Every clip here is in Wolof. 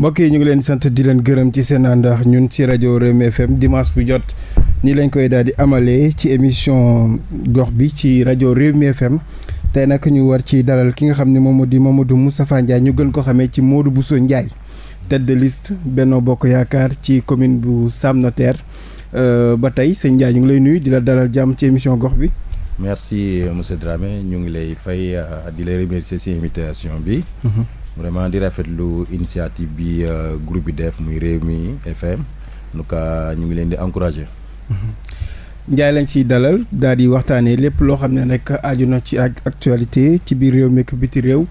mbokk yi ñu ngi leen sant di leen gërëm ci seen ànd ak ñun ci rajo Rewmi FM dimanche bu jot ñi lañ koy daal di amalee ci émission gox bi ci rajo Rewmi FM tey nag ñu war ci dalal ki nga xam ni moom di Mamadou Moustapha Ndiaye ñu gën ko xamee ci Modou Bousso Ndiaye tête de liste Benno Yaakaar ci commune bu Sam Notaire euh, ba tey sëñ Ndiaye ñu ngi lay nuyu di la dalal jàmm ci émission gox bi. merci monsieur Dramé ñu ngi lay fay euh, di lay remercier bi. Mm-hmm. vraiment di rafetlu initiative bi euh, group bi def muy Rewmi FM nu ka ñu ngi leen di encourager. Mhm. Ndiaye lañ ciy dalal daal di waxtaanee lépp loo xam ne nag aju na ci ak actualité ci biir réew mi ak biti réew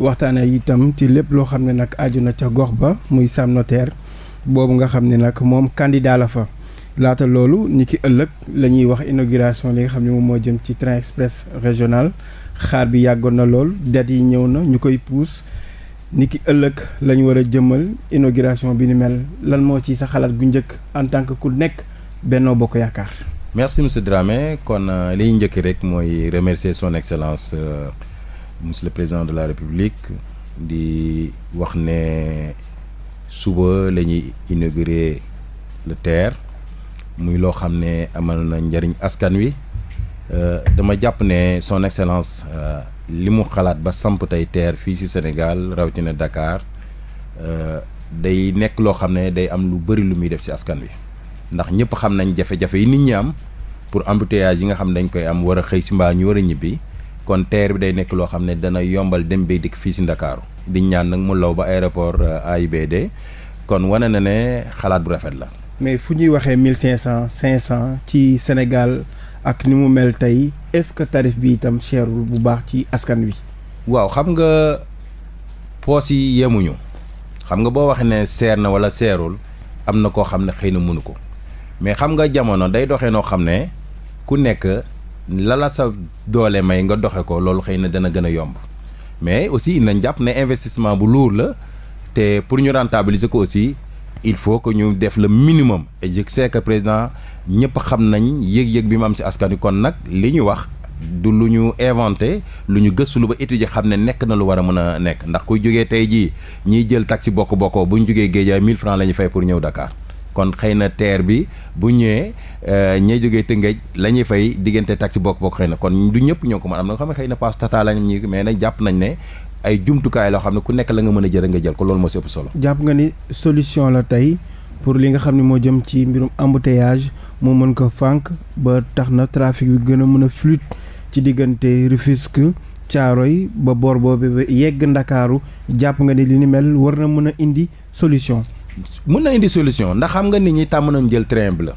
waxtaanee itam ci lépp loo xam ne nag aju ca gox ba muy Sam Notaire boobu nga xam ne nag moom candidat la fa. laata loolu ni ki ëllëg la ñuy wax inauguration li nga xam ne moom moo jëm ci train express régional xaar bi yàggoon na lool date yi ñëw na ñu koy puus. nit ki ëllëg lañu ñu war a jëmmal inauguration bi ni mel lan moo ci sa xalaat gu njëkk en tant que ku nekk Benno Bokk Yaakaar. merci monsieur Dramé kon euh, li ñu njëkk rek mooy remercier son excellence euh, monsieur président de la république di wax ne suba la ñuy inaugurer le TER muy loo xam ne amal na njariñ askan wi. Euh, dama jàpp ne son excellence euh, li mu xalaat ba samp tey teer fii ci Sénégal rawatina Dakar euh, day nekk loo xam ne day am lu bëri lu muy def ci askan wi ndax ñëpp xam nañ jafe-jafe yi nit ñi am pour embouteillage yi nga xam ne dañ koy am war a xëy si mbaa ñu war a ñibbi kon teer bi day nekk loo xam ne dana yombal dem bay dikk fii si Ndakaaru di ñaan nag mu law ba aéroport AIBD kon wane na ne xalaat bu rafet la. mais fu ñuy waxee cent cinq cent ci Sénégal. ak ni mu mel tey est-ce que tarif bi itam cherul bu baax ci askan wi. waaw xam nga poos yi yemuñu xam nga boo waxee ne seer na wala seerul am na koo xam ne xëy na mënu ko mais xam nga jamono day doxee noo xam ne ku nekk lala sa doole may nga doxe ko loolu xëy na dana gën a yomb mais aussi nañ jàpp ne investissement bu lourd la te pour ñu rentabiliser ko aussi il faut que ñu def le minimum et je sais que président ñëpp xam nañ yëg-yëg bi mu am si askan wi kon nag li ñu wax du lu ñu inventé lu ñu gëstu lu ba étudier xam ne nekk na lu war a mën a nekk ndax kuy jógee tey jii ñiy jël taxi bokk bokkoo bu ñu jógee géejaay 1000 francs la ñu fay pour ñëw Dakar kon xëy na teer bi bu ñëwee euh, ñay jógee Tëngéej la ñuy fay diggante taxi bokk bokk xëy na kon du ñëpp ñoo ko mën am na xam ne xëy na paas tata lañ ñi mais jàpp nañ ne ay jumtukaay loo xam ne ku nekk la nga mën a jël nga jël ko loolu moo si ëpp solo. jàpp nga ni solution la tey. pour li nga xam ne moo jëm ci mbirum embouteillage moo mën ko fànq ba tax na trafic bi gën a mën a fluide ci diggante Rufisque Caaroy ba boor boobu ba yegg Ndakaaru jàpp nga ni li ni mel war na mën a indi solution. mën na indi solution ndax xam nga nit ñi tàmm nañu jël train la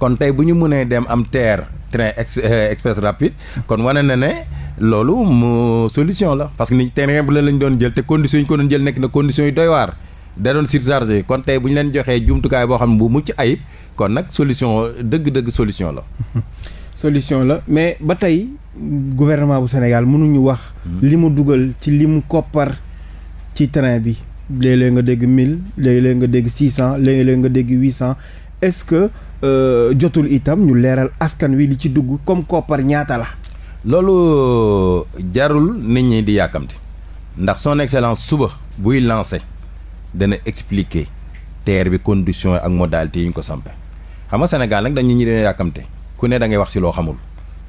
kon tey bu ñu mënee dem am TER train ex euh, express rapide kon wane na ne. loolu mu solution la parce que ni terrain bu la lañ doon jël te conditions yi ñu jël nekk na conditions yi doy waar da doon surchargé kon tey bu ñu leen joxee jumtukaay boo xam ne bu mucc ayib kon nag solution dëgg-dëgg solution la. solution la mais ba tey gouvernement bu Sénégal mënuñu wax. Hmm. li mu dugal ci li mu koppar ci train bi. léeg-léeg nga dégg mille léegi léeg nga dégg six cent léeg-léeg nga dégg huit cent est-ce que euh, jotul itam ñu leeral askan wi li ci dugg comme koppar ñaata la. loolu euh, jarul nit ñi di yàkkamti ndax son excellence suba buy lancé. dana expliquer terre bi condition ak modalité yi ñu ko sampe xam nga Sénégal nag dañu ñu dee yàkkamte ku ne da ngay wax si loo xamul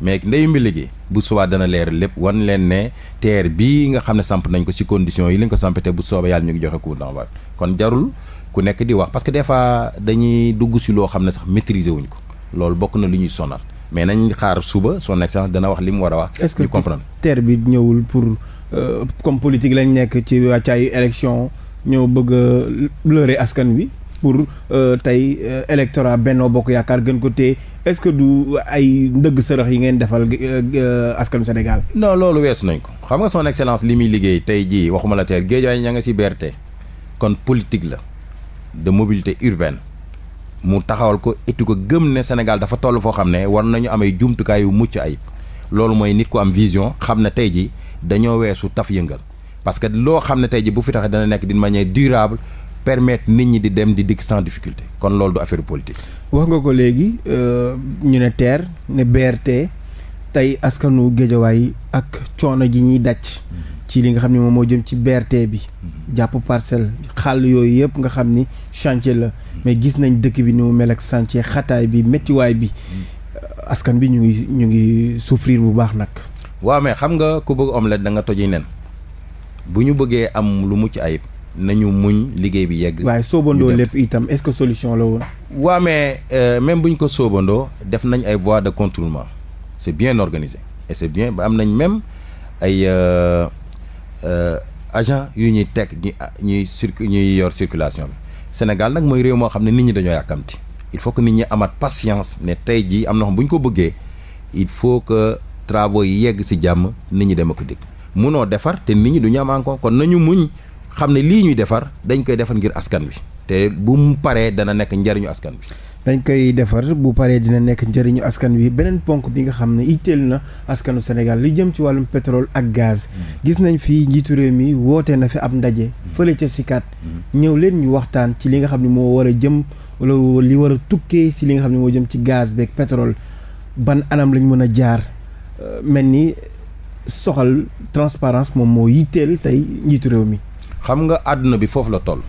mais ndeyu mbi liggéey bu subaa dana leer lépp wan leen ne terre bii nga xam ne samp nañ ko si condition yi lañ ko sampe te bu soobee yàlla ñu ngi joxe coup d'envoi kon jarul ku nekk di wax parce que des fois dañuy dugg si loo xam ne sax maîtriser wuñ ko loolu bokk na lu ñuy sonal mais nañ xaar suba soo son sax dana wax li mu war a wax. est que comprendre terre bi ñëwul pour euh, comme politique lañ nekk ci wàccaayu élection. ñëw bëgg a askan wi pour euh, tey euh, électorat Benno Bokk Yaakaar gën ko téye est-ce que du ay ndëgg sërëx yi ngeen defal euh, askan Sénégal. non loolu weesu nañ ko xam nga son excellence li muy liggéey tey jii waxuma la teer géej waaye ña nga si BRT kon politique la de mobilité urbaine. mu taxawal ko etu ko gëm ne Sénégal dafa toll foo xam ne war nañu amay jumtukaay yu mucc ayib loolu mooy nit ku am vision xam ne tey ji dañoo weesu taf yëngal parce que loo xam ne tey ji bu fi taxee dana nekk d'une manière durable permettre nit ñi di dem di dikk sans difficulté kon loolu du affaire politique. wax nga ko léegi euh, ñu ne TER ne BRT tey askanu géejawaay ak coono ji ñuy daj. ci li nga xam ne moom moo jëm ci BRT bi jàpp parcelle xàll yooyu yëpp nga xam ni chantier la mais gis nañ dëkk bi ni mu mel ak chantier xataay bi méttiwaay bi askan bi ñu ngi ñu ngi souffrir bu baax nag. waaw mais xam nga ku bëgg omelette da nga toji nen. bu ñu bëggee am lu mucc ayib nañu muñ liggéey bi yegg. waaye soobandoo lépp itam est-ce que solution la woon. waa mais euh, même bu ñu ko soobandoo def nañ ay voies de contournement c'est bien organisé et c'est bien ba am nañ même ay euh, euh, agent yu ñuy teg ñu ñuy circu ñuy yor circulation bi Sénégal nag mooy réew moo xam ne nit ñi dañoo yàkkamti il faut que nit ñi amaat patience ne tey jii am na xam bu ñu ko bëggee il faut que travaux yi yegg ci jàmm nit ñi dem ak mënoo defar te nit ñi du ñu am encore kon nañu muñ xam ne lii ñuy defar dañ koy defar ngir askan wi te bu paree dana nekk njariñu askan wi. dañ koy defar bu paree dina nekk njëriñu askan wi beneen ponk bi nga xam ne itteel na askanu Sénégal li jëm ci wàllum pétrole ak gaz gis nañ fii njiitu réew mi woote na fi ab ndaje fële ca Sikaat ñëw leen ñu waxtaan ci li nga xam ne moo war a jëm wala li war a tukkee si li nga xam ne moo jëm ci gaz beeg pétrole ban anam lañ mën a jaar euh, mel ni soxal transparence moom moo yitteel tey njiitu réew mi. xam nga àdduna bi foofu la toll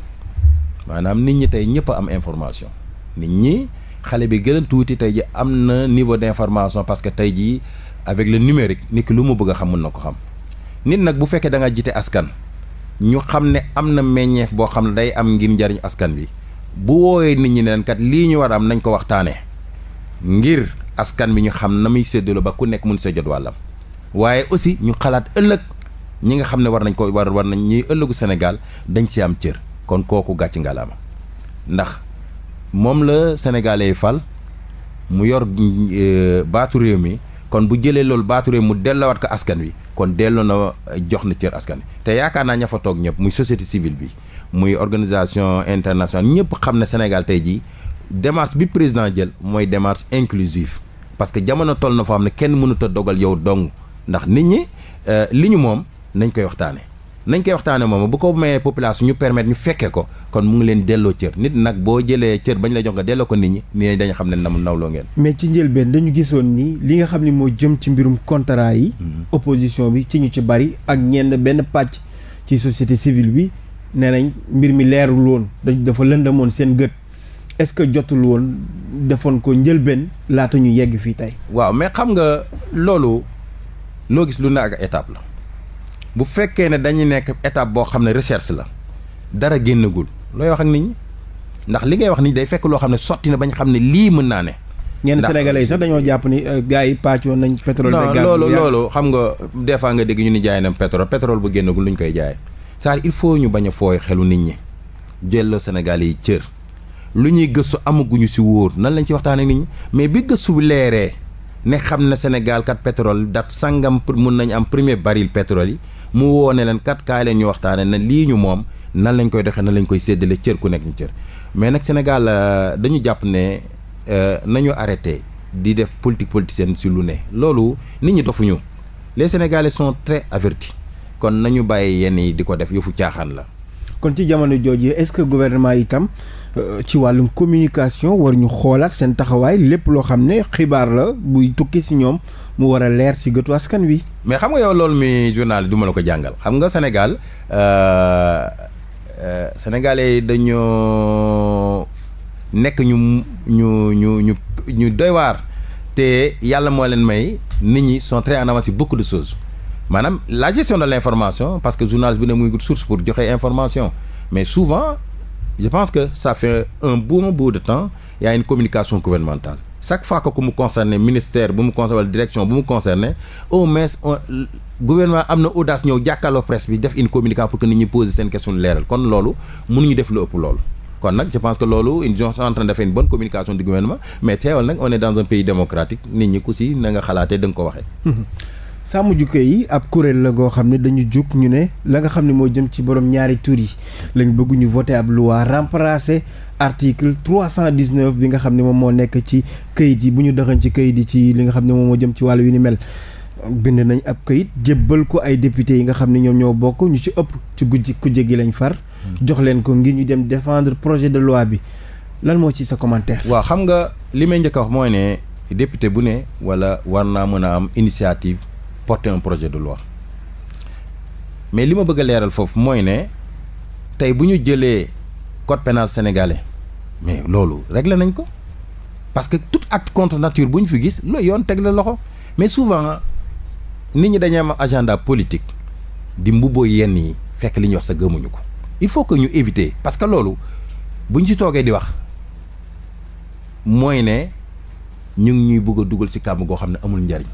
maanaam nit ñi tey ñëpp am information nit ñi xale bi gën a tuuti tey ji am na niveau d'information parce que tey jii avec le numérique nit ki lu mu bëgg a xam mën na ko xam nit nag bu fekkee da nga jite askan ñu xam ne am na meññeef boo xam ne day am ngir njariñ askan bi bu woowee nit ñi neen lii ñu war a am nañ ko waxtaanee ngir askan bi ñu xam na muy séddaloo ba ku nekk mun sa jot wàllam waaye aussi ñu xalaat ëllëg ñi nga xam ne war nañ ko war war nañ ñi ëllëgu Sénégal dañ ci am cër kon kooku gàcc ngalaama ndax moom la sénégalais fal mu yor euh, baatu réew mi kon bu jëlee loolu baatu réew mu delloowaat ko askan wi kon delloo na jox na cër askan wi te yaakaar naa ña fa toog ñëpp muy société civile bi muy organisation internationale ñëpp xam ne Sénégal tey jii démarche bi président jël mooy démarche inclusive parce que jamono toll na foo am ne kenn mënut a dogal yow dong ndax nit ñi euh, li ñu moom nañ koy waxtaane nañ koy waxtaane moom bu ko mayee population ñu permettre ñu fekkee ko kon mu ngi leen delloo cër nit nag boo jëlee cër bañ la jox nga delloo ko nit ñi nii dañu xam ne nam nawloo ngeen mais ci njëlbeen dañu gisoon nii li nga xam ne moo jëm ci mbirum contrat yi mm-hmm. opposition bi ci ñu ci bari ak ñenn benn pàcc ci société civile bi nee nañ mbir mi leerul woon dafa lëndamoon seen gët est-ce que jotul woon defoon ko njëlbeen laata ñu yegg fii tey waaw mais xam nga loolu loo gis lu ne ak étape la bu fekkee ne dañuy nekk étape boo xam ne recherche la dara génnagul looy wax ak nit ñi ndax li ngay wax ni day fekk loo xam ne sotti na bañ xam ne lii mën naa ne. ñenn sénégalais yi sax dañoo jàpp ni euh, gars yi pàccoon nañ pétrole. non loolu loolu xam nga des fois nga dégg ñu ni jaay na pétrole pétrole bu génnagul lu ñu koy jaaye saa il faut ñu baña a fooy xelu nit ñi jëlloo Sénégal yi cër lu ñuy gëstu amaguñu si wóor nan lañ ci waxtaan ak nit ñi mais bi gëstu leeree ne xam na Sénégal kat pétrole dat sangam pour mun nañu am premier baril pétrole yi mu woone leen kat kaay leen ñu waxtaane na lii ñu moom nan lañ koy doxee nan lañ koy séddale cër ku nekk ñu cër mais nag Sénégal euh, dañu jàpp ne euh, nañu arrêté di def politique politicienne si lu ne loolu nit ñi dofuñu les Sénégalais sont très avertis kon nañu bàyyi yenn yi di ko def yëfu caaxaan la kon ci jamono jooju est-ce que yi tam euh, ci wàllum communication war ñu xoolaat seen taxawaay lépp loo xam ne xibaar la buy tukki si ñoom mu war a leer si gëtu askan wi. mais xam nga yow loolu mi journal du la ko jàngal xam nga Sénégal euh, euh, sénégalais dañoo nekk ñu ñu ñu ñu ñu doy waar te yàlla moo leen may nit ñi sont très en avance beaucoup de sos maanaam la gestion de l' information parce que journaliste bi ne muy source pour joxe information mais souvent je pense que ça fait un bon bout de temps y a une communication gouvernementale chaque fois que ku mu concerné ministère bu mu concerné wala direction bu mu concerné au moins gouvernement am na audace ñëw jàkkaarloo presse bi def une communication pour que nit ñi poser seen question leeral kon loolu mënuñu def lu ëpp loolu kon nag en train de faire une bonne na ko waxee mm-hmm. sàmm jikko yi ab kuréel la goo xam ne dañu jug ñu ne la nga xam ne moo jëm ci borom ñaari tur yi lañ bëgg ñu voté ab loi remplacer article 319 bi nga xam ne moom moo nekk ci kayit yi bu ñu doxee ci kayit yi ci li nga xam ne moom moo jëm ci wàllu yu ni mel. bind nañ ab kayit jëbbal ko ay député yi nga xam ne ñoom ñoo bokk ñu ci ëpp ci guddi ku jéggi lañ far. Hmm. jox leen ko ngir ñu dem défendre projet de loi bi lan moo ci sa commentaire. waa xam nga li may njëkk a wax mooy ne député bu ne wala war naa mën a am initiative. porter un projet du loi mais li ma bëgg a leeral foofu mooy ne tey bu ñu jëlee code pénal sénégalais mais loolu regle nañ ko parce que tout acte contre bu ñu fi gis loolu yoon teg la loxo mais souvent nit ñi dañuy am agenda politique di mbubboo yenn yi fekk li ñuy wax sa gëmuñu ko il faut que ñu éviter parce que loolu bu ñu si toogee di wax mooy ne ñu ngi ñuy bugg dugal ci kàmb goo xam ne amul njariñ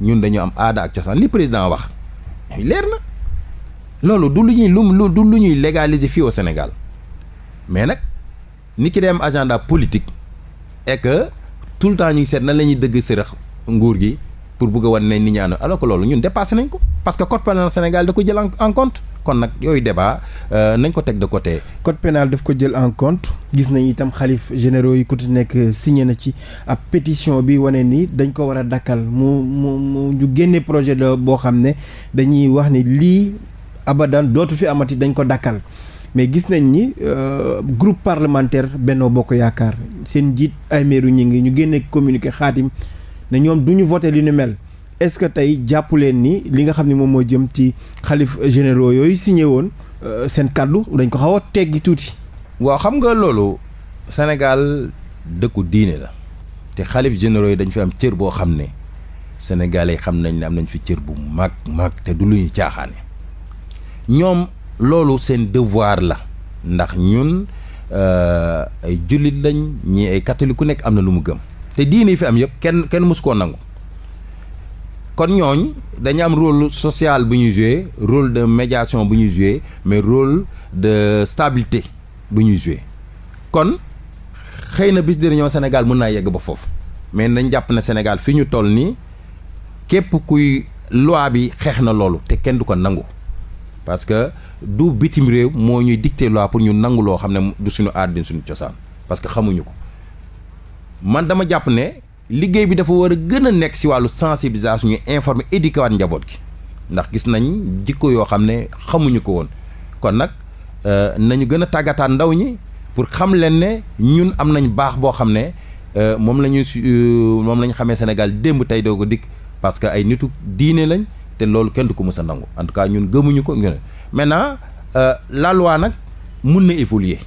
ñun dañu am aada ak cosaan li président wax leer na loolu du lu ñuy lu lu du lu ñuy légaliser fii au Sénégal mais nag ni ki dem agenda politique et que tout le temps ñuy seet nan la ñuy dëgg sërëx nguur gi pour bugg a wan ne nit ñi alors que loolu ñun dépassé nañ ko parce que code pénal Sénégal da ko jël en compte kon nag yooyu débat euh, nañ ko teg de côté. code pénal daf ko jël en compte gis nañ itam xalif généraux yi ku nekk signé na ci ab pétition bi wane ni dañ ko war a dakkal mu mu mu ñu génne projet de boo xam ne dañuy wax ni lii abadan dootu fi amati dañ ko dakkal mais gis nañ ni euh, groupe parlementaire Benno Bokk Yaakaar seen njiit ay meeru ñi ngi ñu génne communiqué xaatim ne ñoom du ñu voté li ñu mel. est-ce que tey jàpp leen ni li nga xam ne moom moo jëm ci xalif généraux yooyu signé woon euh, seen kàddu dañ ko xaw a teggi tuuti. waaw xam nga loolu Sénégal dëkku diine la te xalif généraux yi dañ fi am cër boo xam ne sénégalais xam nañ ne am nañ fi cër bu mag mag te du lu ñu caaxaane ñoom loolu seen devoir la ndax ñun euh, ay jullit lañ ñii ay catholique ku nekk am na lu mu gëm te diine yi fi am yëpp kenn kenn mësu koo nangu. kon ñooñ dañu am rôle social bu ñu joué rôle de médiation bu ñu joué mais rôle de stabilité bu ñu joué kon xëy na bis di ñoo Sénégal mën naa yegg ba foofu mais nañ jàpp na Sénégal fi ñu toll nii képp kuy loi bi xeex na loolu te kenn du ko nangu parce que du bitim réew moo ñuy dicté loi pour ñu nangu loo xam ne du suñu aada suñu cosaan parce que xamuñu ko man dama jàpp ne. liggéey bi dafa war a gën a nekk si wàllu sensibilisation ñu informer éduquer waat njaboot gi ndax gis nañ jikko yoo xam ne xamuñu ko woon kon nag euh, nañu gën a tàggataan ndaw ñi pour xam leen ne ñun am nañ baax boo xam ne euh, moom la ñu euh, moom la xamee Sénégal démb tey doo ko dikk parce que ay nitu diine lañ te loolu kenn du ko mës a nangu en tout cas ñun gëmuñu ko ñu ne maintenant la nag mun na évoluer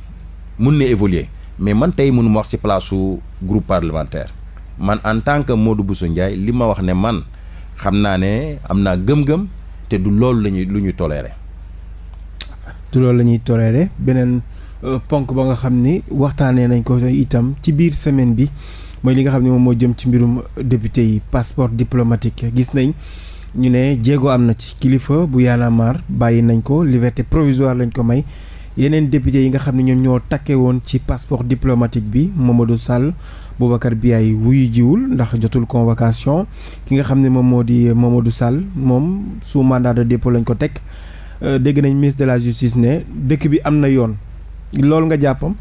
mun na évoluer mais man tey mënuma wax ci place su groupe parlementaire man en tant que Modou Bousso Ndiaye li ma wax ne man xam naa ne am naa gëm-gëm te du loolu lañuy lu ñuy toléré du loolu la ñuy toléré beneen euh, ponk ba nga xam ni waxtaanee nañ ko itam ci biir semaine bi mooy li nga xam ne moom moo jëm ci mbirum député yi passeport diplomatique gis nañ ñu ne jéego am na ci kilifa bu yaana maar bàyyi nañ ko liberté provisoire lañ ko may yeneen député yi nga xam ne ñoom ñoo takke woon ci passeport diplomatique bi Mamadou Sall Boubacar Biaye wuyu jiwul ndax jotul convocation ki nga xam ne moom moo di Mamadou Sall moom sous mandat de dépôt lañ ko teg euh, dégg nañ ministre de la justice ne dëkk bi am na yoon loolu nga jàppam.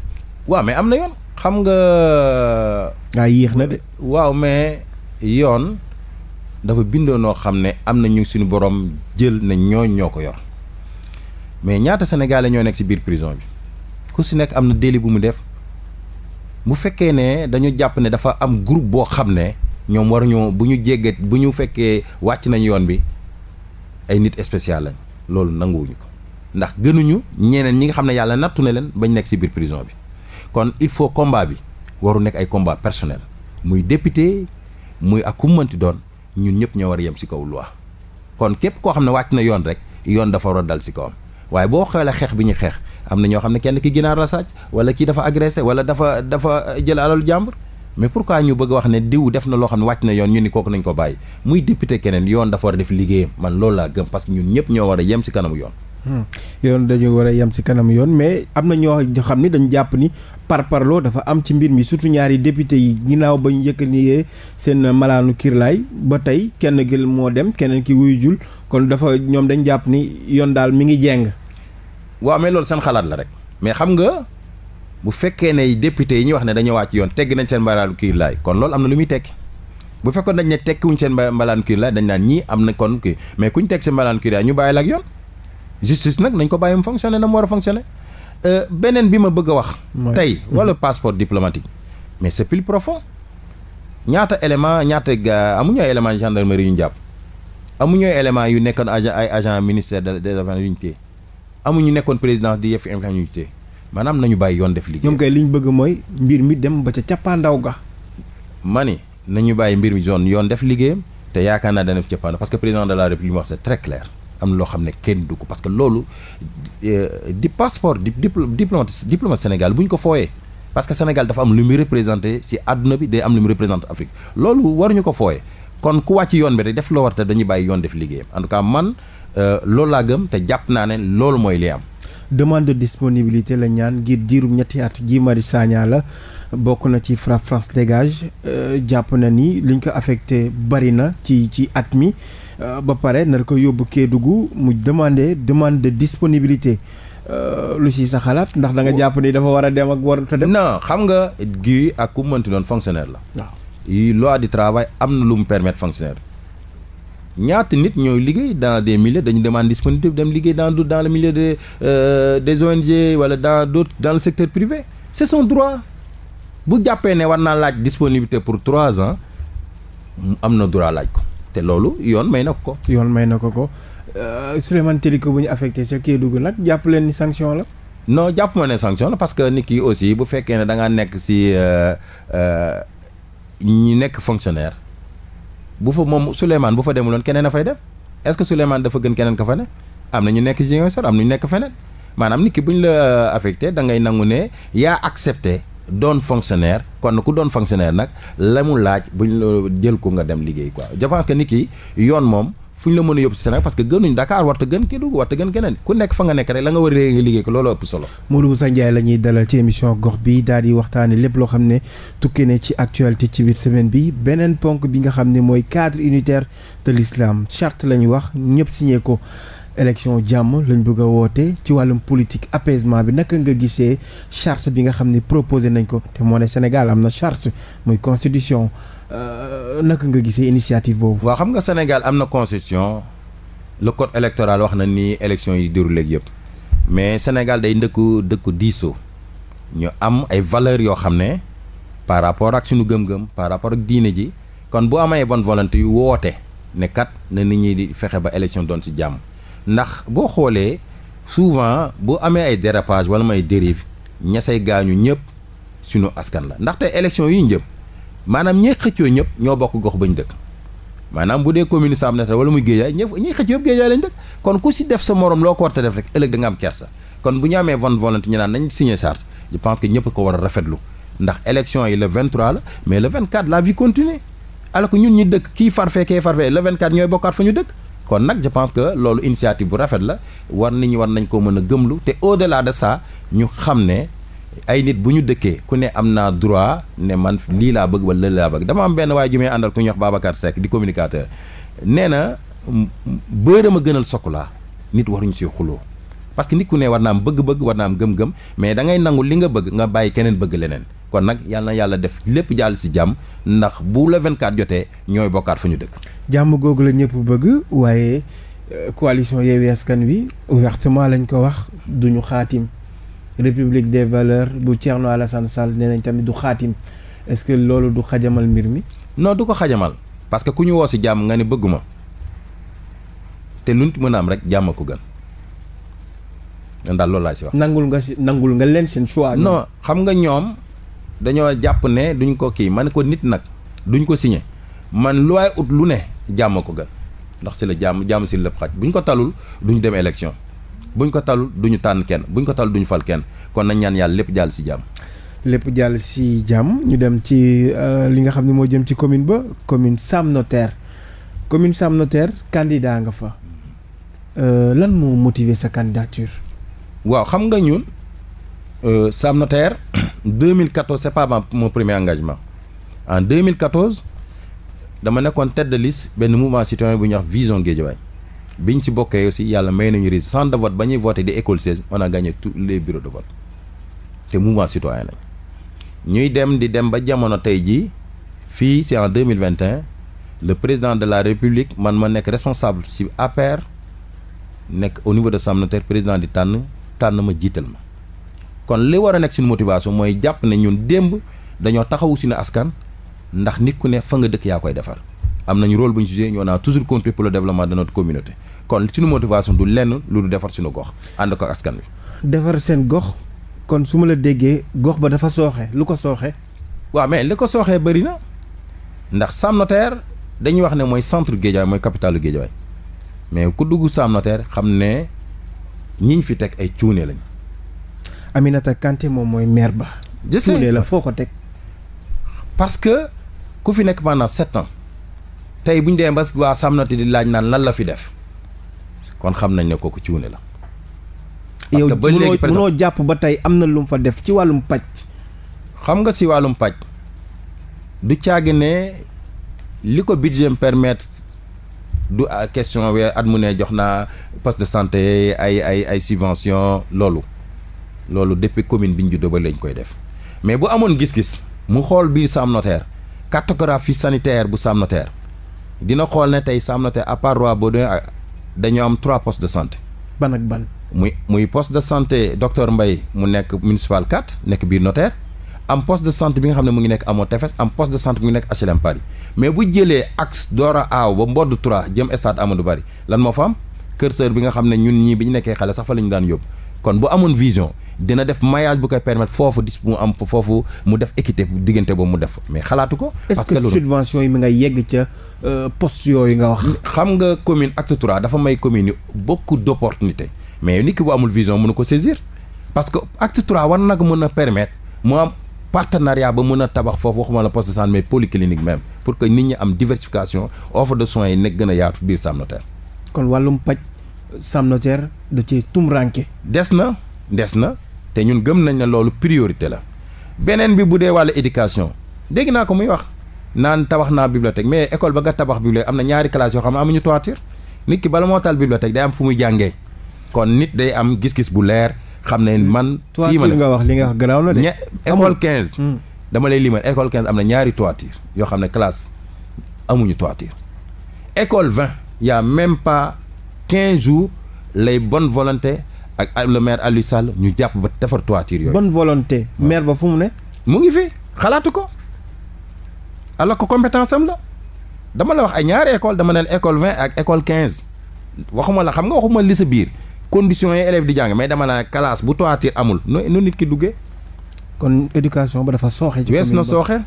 waaw mais am na yoon. xam nga. waaw euh, ah, yéex na de. waaw mais yoon dafa bindoo noo xam ne am na ñu suñu borom jël na ñooñ ñoo ko yor. mais ñaata sénégalais ñoo nekk ci biir prison bi ku ci nekk am na délit bu mu def bu fekkee ne dañu jàpp ne dafa am groupe boo xam ne ñoom waruñoo bu ñu jéggat bu ñu fekkee wàcc nañu yoon bi ay nit spécial lañ loolu nanguwuñu ko ndax gënuñu ñeneen ñi nga xam ne yàlla nattu na leen bañ nekk ci biir prison bi kon il faut combat bi waru nekk ay combat personnel muy député muy ak ku mënti doon ñun ñëpp ñoo war a yem ci kaw loi kon képp koo xam ne wàcc na yoon rek yoon dafa war a dal ci waaye boo xoolee xeex bi ñu xeex am na ñoo xam ne kenn ki ginaar la sàcc wala kii dafa agressé wala dafa dafa jël alalu jàmbur mais pour pourquoi ñu bëgg wax ne diw def na loo xam ne wàcc na yoon ñu ni kooku nañ ko bàyyi muy député keneen yoon dafa war a def liggéeyam man laa gëm parce que ñun a yem ci kanamu yoon hmm. yoon dañu war a yem ci kanamu yoon mais am na ñoo xam ne dañu jàpp ni par parloo dafa am ci mbir mi surtout ñaari député yi ginnaaw ba ñu yëkkaniyee seen malaanu kiir laay ba tey kenn gil moo dem keneen ki wuyu jul kon dafa ñoom dañ jàpp ni yoon daal mi ngi jeng waaw mais loolu seen xalaat la rek mais xam nga bu fekkee ne député yi ñu wax ne dañoo wàcc yoon tegg nañ seen mbalaalu kii laay kon loolu am na lu muy tekki bu fekkoon dañ ne tekkiwuñ seen mbalaalu kii laay dañ naan ñii am na kon kii mais kuñ teg seen mbalaalu kii laay ñu bàyyi la yoon justice nag nañ ko bàyyi mu fonctionner na mu war a fonctionner euh, beneen bi ma bëgg a wax tey mhm. wala passeport diplomatique mais c'est plus profond ñaata élément ñaata ga amuñu ay élément gendarmerie yu jàpp amuñu ay élément yu nekkoon agent ay agent ministère des affaires yu ñu téye amuñu nekkoon présidence di yëf infériorité maanaam nañu bàyyi yoon def liggéey. ñoom kay li ñu bëgg mooy mbir mi dem ba ca cappaandaw ga. ma ni nañu bàyyi mbir mi zone yoon def liggéeyam te yaakaar naa dana def cappaandaw parce que président de la république am loo xam ne kenn du ko parce que loolu euh, di passeport di diplôme diplôme Sénégal bu ñu ko fooyee. parce que Sénégal dafa am lu muy représenté si àdduna bi day am lu muy représenté Afrique loolu ñu ko fooye kon ku wàcc yoon bi rek def loo war te dañuy bàyyi yoon def liggéeyam en tout cas man. Euh, loolu laa gëm te jàpp naa ne loolu mooy li am. demande disponibilité la ñaan ngir diirum ñetti at Guy Marius Sagna la bokk na ci FRAPP France Dégage euh, jàpp na nii liñ ko affecté bari na ci ci at mi euh, ba pare nar ko yóbbu Kédougou mu demande demande de disponibilité lu si sa xalaat ndax da nga jàpp ni dafa war a dem ak warut a dem. non xam nga Guy ak ku mënti doon fonctionnaire la. waaw loi du am na lu mu permettre fonctionnaire. ñaata nit ñooy liggéey dans des milieux dañu demande disponible dem liggéey dans dans le milieu de euh, des ONG wala dans d'autres dans le secteur privé c'est droit bu jàppee ne war naa laaj disponibilité pour trois ans am na droit laaj ko te loolu yoon may na ko. yoon may na ko ko euh, Souleymane Téliko bu ñu affecté ca dugg nag jàpp leen ni sanction la. non jàpp ma ne sanction la parce que nit kii aussi bu fekkee ne da nekk si euh, euh, ñu nekk fonctionnaire. bu fa moom Souleymane bu fa demuloon keneen a fay dem est-ce que Souleymane dafa gën keneen ka fa ne am na ñu nekk Ziguinchor am na ñu nekk feneen maanaam nit ki bu ñu la euh, affecté da ngay nangu ne yaa accepté doon fonctionnaire kon ku doon fonctionnaire nag la mu laaj bu ñu la jël ko nga dem liggéey quoi je pense que nit ki yoon moom. fu ñu la mën a yóbbu si parce que gënuñ Dakar warta gën Kédougou warta gën keneen ku nekk fa nga nekk rek la nga war a nga liggéey ko loolu ëpp solo Modou Moussa Ndiaye la ñuy dalal ci émission gox bi daal di waxtaane lépp loo xam ne tukkee ne ci actualité ci biir semaine bi beneen ponk bi nga xam ne mooy cadre unitaire de l'islam charte la ñu wax ñëpp signé ko élection jàmm lañ bëgg a woote ci wàllum politique apaisement bi naka nga gisee charte bi nga xam ne proposé nañ ko te Sénégal am na charte muy constitution Euh, naka nga gisee initiative boobu. waa xam nga Sénégal am na constitution le code électoral wax na ni élection yi déroulé ak yëpp mais Sénégal day ndëkku dëkku diisoo ñu am ay valeurs yoo xam ne par rapport ak suñu gëm-gëm par rapport ak diine ji kon bu amee bonne volonté yu woote ne kat na nit ñi di fexe ba élection doon ci jàmm ndax boo xoolee souvent bu amee ay dérapage wala may dérive ña say gaañu ñëpp suñu askan la ndaxte élection yi ñu jëm maanaam ñee xëccoo ñëpp ñoo bokk gox bañ dëkk maanaam bu dee commune Samb-Nassar wala muy Géejawaay ñëpp ñee xëccoo yëpp Géejawaay lañ dëkk kon ku si def sa morom loo ko war te def rek ëllëg da nga am kersa kon bu ñu amee bonne volonté ñu naan nañ signé charte je pense que ñëpp ko war a rafetlu ndax élection yi le 23 la mais le 24 la vie continue alors que ñun ñu dëkk kii farfee kee farfee le 24 ñooy bokkaat fa ñu dëkk kon nag je pense que loolu initiative bu rafet la war nit ñi war nañ ko mën a gëmlu te au delà de ça ñu xam ne ay nit bu ñu dëkkee ku ne am naa droit ne man lii laa bëgg wala lii laa bëgg dama am benn waaye ju àndal ku ñuy wax Babacar Seck di communicateur nee na bëre ma gënal sokola nit waruñu si xuloo parce que nit ku ne war naa am bëgg-bëgg war naa am gëm-gëm mais dangay nangu li nga bëgg nga bàyyi keneen bëgg leneen kon nag yàlla na yàlla def lépp jàll si jàmm ndax bu la 24 jotee ñooy bokkaat fu ñu dëkk. jàmm googu la ñëpp bëgg waaye euh, coalition Yewwi Askan ouvertement lañ ko wax duñu xaatim. république des valeurs bu Thierno Alassane Sall nee nañ tamit du xaatim est-ce que loolu du xajamal mbir mi. noo du ko xajamal parce que ku ñu woo si jàmm nga ne bëgguma te lu nit mën a am rek jàmm ko gën. daal laa si wax. nangul nga si nangul leen seen choix. non xam nga ñoom dañoo jàpp ne duñ ko kii man ko nit nag duñ ko signé man lu waay ut lu ne jàmm ko gën ndax si la jàmm jàmm si lépp xaj buñ ko talul duñ dem élection. buñ ko talul duñu tànn kenn buñ ko talul duñu fal kenn kon nañ ñaan yàlla lépp jàll si jàmm. lépp jàll si jàmm ñu dem ci euh, li nga xam ne moo jëm ci commune ba commune Sam Notaire commune Sam Notaire candidat nga fa euh, lan moo motiver sa candidature. waaw xam nga ñun euh, Sam Notaire 2014 c'est pas mon premier engagement en 2014 dama nekkoon tête de liste benn mouvement citoyen bu ñuy wax vision Guédiawaye biñ si bokkee aussi yàlla may nañu résultat centre de vote ba ñuy voté di école 16 on a gagné tous les bureaux de vote te mouvement citoyen lañ ñuy dem di dem ba jamono tey jii fii c'est en 2021 le président de la république man ma nekk responsable si APR nekk au niveau de Sam Notaire président di tànn tànn ma jiital ma kon li war a nekk suñu motivation mooy jàpp ne ñun démb dañoo taxawu suñu askan ndax nit ku ne fa nga dëkk yaa koy defar am nañu rôle bu ñu joué on a toujours compté pour le développement de notre communauté kon suñu motivation du lenn lu du defar suñu gox ànd ko askan wi. defar seen gox kon su ma la déggee gox ba dafa sooxe lu ko sooxe. waa mais li ko sooxee bëri na ndax Sam Notaire dañuy wax ne mooy centre Guédiawaye mooy capitalu Guédiawaye mais ku dugg Sam Notaire xam ne ñiñ fi teg ay cuune lañ. Aminata Kanté moom mooy maire ba. je sais la foo ko teg. parce que ku fi nekk pendant sept ans. tey bu ñu demee bas waa Samnati di laaj naan lan la fi def kon xam nañ ne kooku cuune la. parce que ba léegi yow munoo jàpp ba tey am na lu mu fa def ci wàllum pàcc. xam nga si wàllum pàcc du càgg ne li ko budget permettre du question weer at mu ne jox naa poste de santé ay ay ay subvention loolu loolu depuis commune bi ñu juddoo ba lañ koy def mais bu amoon gis-gis mu xool biir Sam Notaire cartographie sanitaire bu Sam dina xool ne tey Sam Notaire à part Roi Baudouin ah, dañoo am trois postes de santé. ban ak ban. muy muy poste de santé docteur mbay mu nekk municipal 4 nekk biir notaire am poste de santé bi nga xam ne mu ngi nekk amoo tefes am poste de santé mu ngi nekk HLM Paris mais bu jëlee axe Dora Aw ba mbodd 3 jëm ama Amadou Barry lan moo fa am kër sër bi nga xam ne ñun ñii bi ñu nekkee xale sax fa la ñu daan yóbbu kon bu amoon vision. dina def maillage bu koy permettre foofu dis mu am foofu mu def équité diggante boobu mu def mais xalaatu ko. parce est-ce que subvention yi mi nga yegg ca euh, poste yooyu nga wax. xam nga commune acte trois dafa may commune yi beaucoup d'opportunité mais nit ki bu amul vision mënu ko saisir parce que acte trois war na mën a permettre mu am. partenariat ba mën a tabax foofu waxuma la post de santé mais polyclinique même pour que nit ñi am diversification offre de soins yi nekk gën a yaatu biir Sam Notaire kon wàllum paj Sam da cee tum des na des na te ñun gëm nañ ne loolu priorité la beneen bi bu dee wàllu éducation dégg naa ko muy wax naan tabax naa bibliothèque mais école ba nga tabax bibliothèque am na ñaari classe yoo xam ne amuñu toiture nit ki bala moo taal bibliothèque day am fu muy jàngee kon nit day am gis-gis bu leer xam ne man. fii ma nga wax li nga wax garaaw la de. ña école 15. Hmm. dama lay limal école 15 am na ñaari toiture yoo xam ne classe amuñu toiture école 20 y a même pas 15 jours les bonnes volontés. ak le maire Aliou Sall ñu jàpp ba defar toiture yooyu. bonne volonté maire ba fu mu ne. mu ngi fi xalaatu ko alors que compétence am la dama la wax ay ñaari école dama neen école vingt ak école quinze waxuma la xam nga waxuma li sa biir conditions yi élèves di jàng mais dama la classe bu toiture amul no nu nit ki duggee. kon éducation ba dafa sooxee ci wees na sooxe.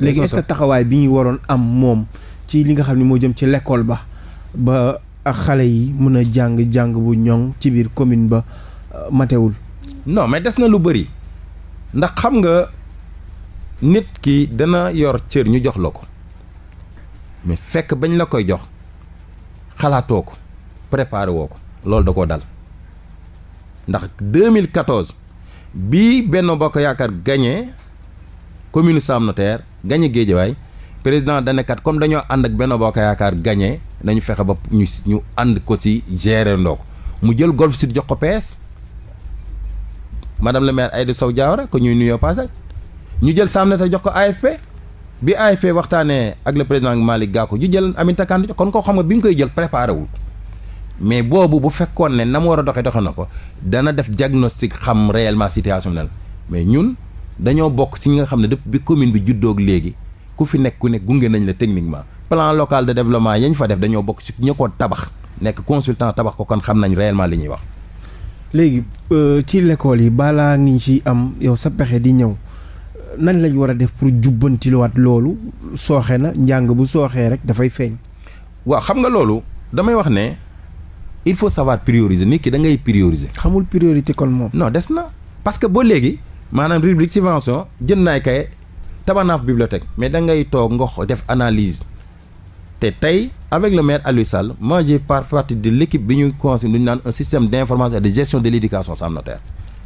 léegi est taxawaay bi ñuy waroon am moom ci li nga xam ne moo jëm ci lekkool ba ba. ak xale yi mën a jàng jàng bu ñoŋ ci biir commune ba euh, matewul. non mais des na lu bari ndax xam nga nit ki dana yor cër ñu jox la ko mais fekk bañ la koy jox xalaatoo ko préparé woo ko loolu da ko dal ndax 2014 bi Benno Bokk Yaakaar gagné commune Sam Notaire gagné Guédiawaye président da ne kat comme dañoo ànd ak Benno Bokk Yaakaar gañe nañu fexe ba ñu ñu ànd ko si gérer ndoo ko mu jël Golf Sud jox ko PS madame le maire Aïda Sow Diawara ko ñuy nuyoo passage ñu jël Sam Notaire jox ko AFP bi AFP waxtaanee ak le président Malick ko ñu jël Aminata Kane kon koo xam nga bi ñu koy jël préparé wul mais boobu bu fekkoon ne na mu war a doxee doxe na ko dana def diagnostic xam réellement situation bi mais ñun dañoo bokk ci nga xam ne dëpp bi commune bi juddoog léegi ku fi nekk ne gunge nañ la techniquement plan local de développement yañ fa def dañoo bokk ci ñu ko tabax nekk consultant tabax ko kon xam nañ réellement li ñuy wax. léegi euh, ci lekkool yi balaa ngi ci am yow sa pexe di ñëw nan lañu war a def pour jubbantiluwaat loolu sooxe na njàng bu sooxee rek dafay feeñ. waaw xam nga loolu damay wax ne il faut savoir prioriser nit ki da ngay prioriser. xamul priorité kon moom. non des na parce que boo léegi maanaam rubrique subvention jën naay kay tabanaaf bibliothèque mais da ngay toog ngox def analyse. te tey avec le maire Aliou Sall moi par partie de l'équipe bi ñu conçu lu ñu naan un système d'information et de gestion de l'éducation sans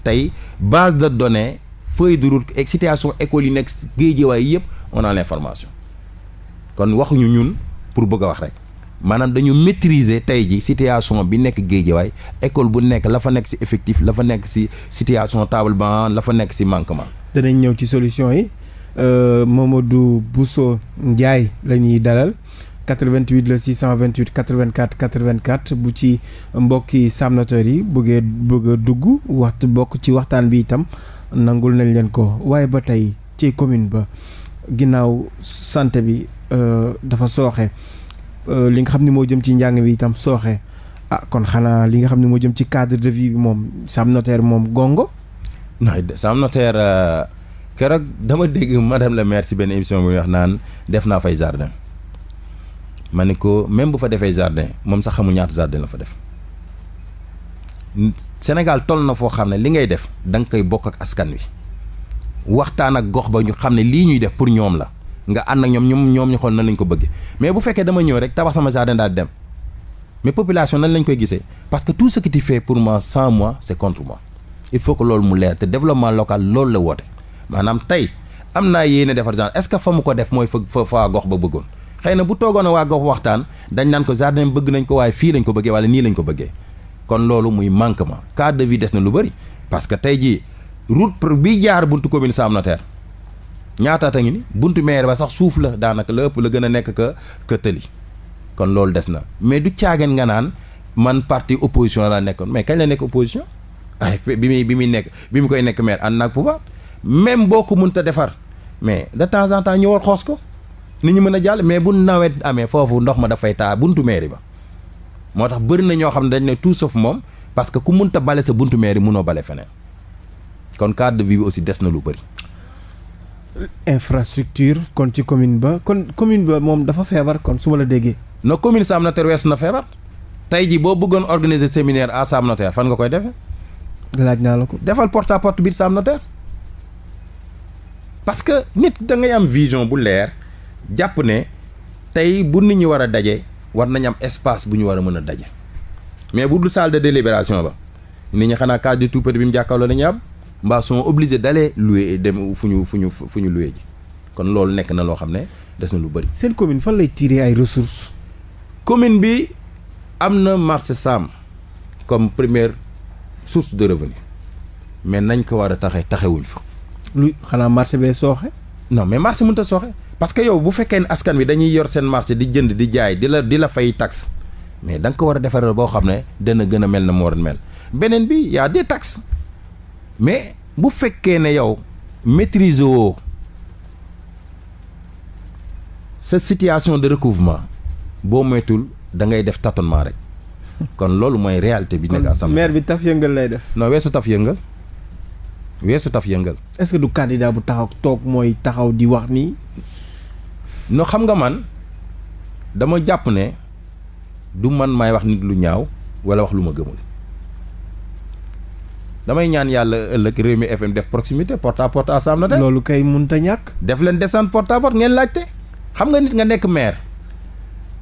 tey base de données feuille de route et situation école yi nekk géejewaay yëpp on a l'information kon waxuñu ñun pour bëgg a wax rek maanaam dañu maîtriser tey ji situation bi nekk géejewaay école bu nekk la fa nekk ci effectif la fa nekk ci situation table banc la fa nekk ci manquement. danañ ñëw ci solution yi euh, Mamadou Bousso Ndiaye la ñuy dalal. 88 la 628 84 84 bu ci mbokki Sam Notaire yi bëggee bëgg a dugg waxtu bokk ci waxtaan bi itam nangul nañ leen ko waaye ba tey ci commune ba ginnaaw santé bi euh, dafa sooxe euh, li nga xam ni moo jëm ci njàng bi itam sooxe ah kon xanaa li nga xam ne moo jëm ci cadre de vie bi moom Sam Notaire moom gongo. non Sam Notaire euh, keroog dama dégg madame la maire si benn émission bi wax naan def naa fay jardin. ma ne ko même bu fa defee jardin moom sax xamul ñaata jardin la fa def Sénégal toll na foo xam ne li ngay def da nga koy bokk ak askan wi waxtaan ak gox ba ñu xam ne lii ñuy def pour ñoom la nga ànd ak ñoom ñoom ñoom ñu xool na lañ ko bëggee mais bu fekkee dama ñëw rek tabax sama jardin daal dem mais population nan lañ koy gisee parce que tout ce que tu fais pour moi sans moi c'est contre moi il faut que loolu mu leer te développement local loolu la woote maanaam tey am naa yéene defar genre est-ce que fa mu ko def mooy fa fa gox ba bëggoon. xay na bu toogoon waa gox waxtaan dañ naan ko jardin bëgg nañ ko waaye fii lañ ko bëggee wala nii lañ ko bëggee kon loolu muy manquement cadre de des na lu bëri parce que tey jii pour bi jaar buntu commune Sam Notaire ñaataata ngi ni buntu maire ba sax suuf la daanaka la ëpp la gën a nekk que que tëli kon loolu des na mais du caageen nga naan man parti opposition laa nekkoon mais kañ la nekk opposition ay ah, bi muy bi muy nekk bi mu koy nekk maire ànd naag pouvoir même boo ko mënta defar mais de temps en temps ñu xoos ko nit ñi mën a jàll mais bu nawet amee foofu ndox ma dafay taa buntu mairie ba moo tax bëri na ñoo xam ne dañ ne tout sauf moom parce que ku mënta bale sa buntu mairie munoo bale feneen kon cadre de vie bi aussi des na lu bëri. infrastructure kon ci commune ba kon commune ba moom dafa feebar kon su ma la déggee. na commune Sam Notaire weesu na feebar. tey jii boo bëggoon organiser séminaire à Sam Notaire fan nga koy defee. laaj naa la ko. defal porte port porte biir Sam Notaire parce que nit da ngay am vision bu leer. jàpp ne tey bu nit ñi war a daje war nañ am espace bu ñu war a mën a daje mais bu dul salle de délibération ba nit ñi xanaa case du tout-petit bi mu jàkkaarloo la am mbaa sont obligés d'aller louer dem fu ñu fu ñu fu ñu louer ji kon loolu nekk na loo xam ne des na lu bëri. seen commune fan lay tirer ay ressources. commune bi am na marché Sam comme première source de revenu mais nañ ko war a taxe taxewuñ fa. lu xanaa marché bee sooxe. non mais marché mënut a sooxe parce que yow bu fekkee ne askan wi dañuy yor seen marché di jënd di jaay di la di la fay taxe mais danga ko war a defaral boo xam ne dana gën a mel na mu war mel beneen bi yaa a taks mais bu fekkee ne yow maîtriser woo sa situation de recouvrement boo moytul da ngay def tâtonnement rek kon loolu mooy réalité bi nekk assemblée maire bi taf yëngal lay def non weesu taf yëngal weesu taf yëngal. est que du candidat bu taxaw toog mooy taxaw di wax nii. no xam nga man dama jàpp ne du man maay wax nit lu ñaaw wala wax lu ma gëmul damay ñaan yàlla ëllëg Rewmi FM def proximité porte à porte ensemble na de. loolu kay mënut a ñàkk. def leen descente porte à ngeen laajte xam nga nit nga nekk maire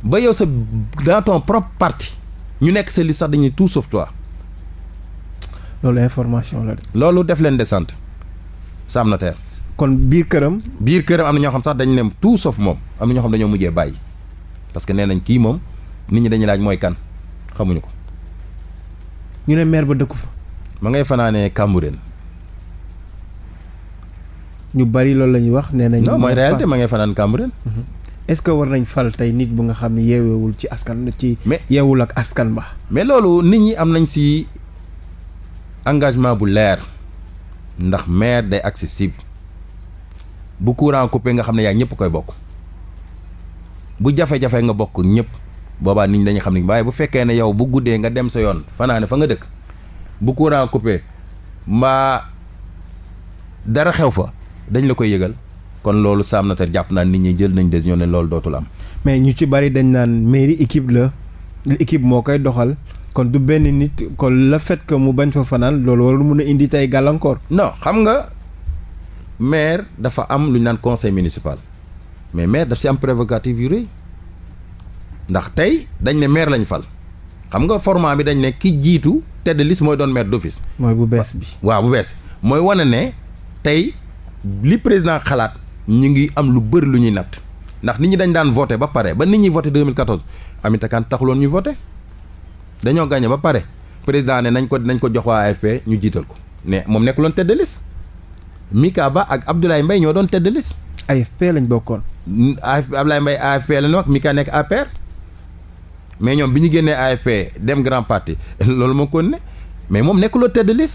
ba yow sa dans ton propre parti ñu nekk sa liste sax dañuy tout sauf loolu information la loolu def leen descente Sam Notaire. kon biir këram. biir këram am na ñoo xam sax dañ ne tout sauf moom am na ñoo xam dañoo mujjee bàyyi parce que nee nañ kii moom nit ñi dañuy laaj mooy kan xamuñu ko. ñu ne maire ba dëkku fa. ma ngay fanaanee Cambérène. ñu bari loolu la ñuy wax nee nañ. non mooy réalité ma ngay fanaan Cambérène. Mm-hmm. est-ce que war nañ fal tey nit bu nga xam ne yeewewul ci askan ci. mais yeewul ak askan ba. mais loolu nit ñi am nañ si engagement bu leer ndax maire day accessible bu courant coupé nga xam ne yaa ñëpp koy bokk bu jafe-jafe nga bokk ñëpp boobaa nit ñi dañuy xam ne baay bu fekkee ne yow bu guddee nga dem sa yoon fanaane fa nga dëkk bu courant coupé maa dara xew fa dañ la koy yëgal kon loolu Sam Notaire jàpp naa nit ñi jël nañ décision ne loolu dootul am. mais ñu ci bari dañ naan mairie équipe la équipe moo koy doxal. kon du benn nit kon la fait que mu bañ fa fanaan loolu lu mun a indi tey gàllankoor. non xam nga maire dafa am lu ñu naan conseil municipal mais maire daf si am prérogative yu rëy ndax tey dañ ne maire lañ fal xam nga format bi dañ ne ki jiitu tête de liste mooy doon maire d'office. mooy bu bees bi waaw bu bees mooy wane ne tey li président xalaat ñu ngi am lu bëri lu ñuy natt ndax nit ñi dañ daan voté ba pare ba nit ñi voté 2014 Aminata Kane taxuloon ñu voté. dañoo gagné ba pare président ne nañ ko nañ ko jox waa AFP ñu jiital ko mais moom nekk loon de liste Mika Ba ak Abdoulaye mbay ñoo doon tête de liste. AFP lañ bokkoon. AFP Abdoulaye Mbaye AFP lañ wax Mika nekk APR. mais ñoom bi ñu génnee AFP dem grand parti loolu moo kon ne mais moom nekkuloo tête de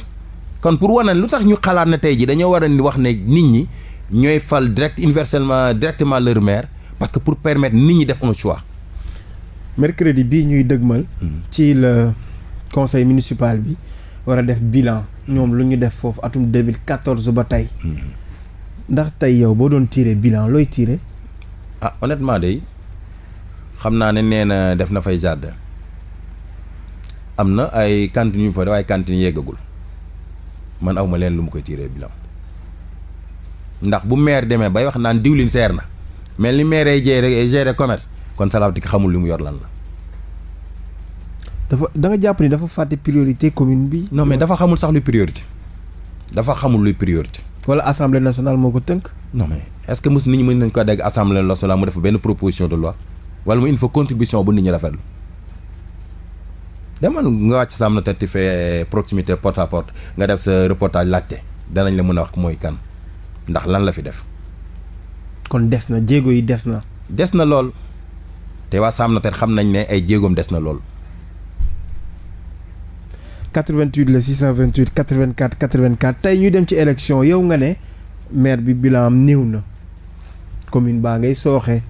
kon pour wane lu tax ñu xalaat ne tey jii dañoo war a wax ne nit ñi ñooy fal direct universellement directement leur maire parce que pour permettre nit ñi def un choix. mercredi bii ñuy dëgmal. Hmm. ci la conseil municipal bi war a def bilan hmm. ñoom lu ñu def foofu atum 2014 ba tey. Hmm. ndax tey yow boo doon tiiree bilan looy tiré. ah honnêtement day xam naa ne nee na def na fay jardin am na ay cantine yu fa waaye cantine yeggagul man awma leen lu mu koy tiré bilan ndax bu meer demee bay wax naan diwlin seer na mel ni maire ay gérer commerce kon Salawati xamul li mu yor lan la. dafa da jàpp ni dafa fàtte priorité commune bi. non mais dafa xamul sax luy priorité. dafa xamul luy priorité. wala assemblée nationale moo ko tënk. non mais est-ce que mos nit ñi mën nañ ko dégg assemblée nationale mu def benn proposition de loi wala mu il faut contribution bu nit ñi rafetlu. demal nga wàcc sàmm na te fee proximité porte à porte nga def sa reportage laajte danañ la mën a wax mooy kan ndax lan la fi def. kon des na jéego yi des na. des na lool. te waa Sam Notaire xam nañ ne ay jéegoom des na lool. 88 la 628 84 84 tey ñu dem ci élection yow nga ne maire bi bilan am néew na commune baa ngay sooxee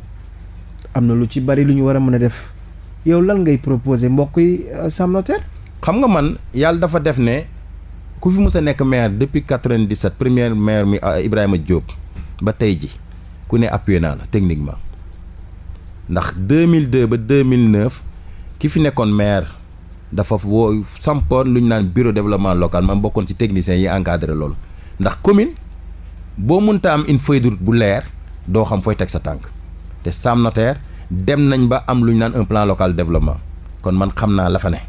am na lu ci bari lu ñu war a mën a def yow lan ngay proposer mbokk yi euh, Sam Notaire. xam nga man yàlla dafa def ne ku fi mës nekk maire depuis 97 premier maire mi euh, Ibrahima Diop ba tey ji ku ne appuyé naa la techniquement. ndax 2002 ba 2009 ki fi nekkoon maire dafa woo sampoon lu ñu naan bureau développement local man bokkoon ci techniciens yi encadré lool ndax commune boo mënta am une feuille de bu leer doo xam fooy teg sa tànk te Sam Notaire dem nañ ba am lu ñu naan un plan local développement kon man xam naa la fa ne.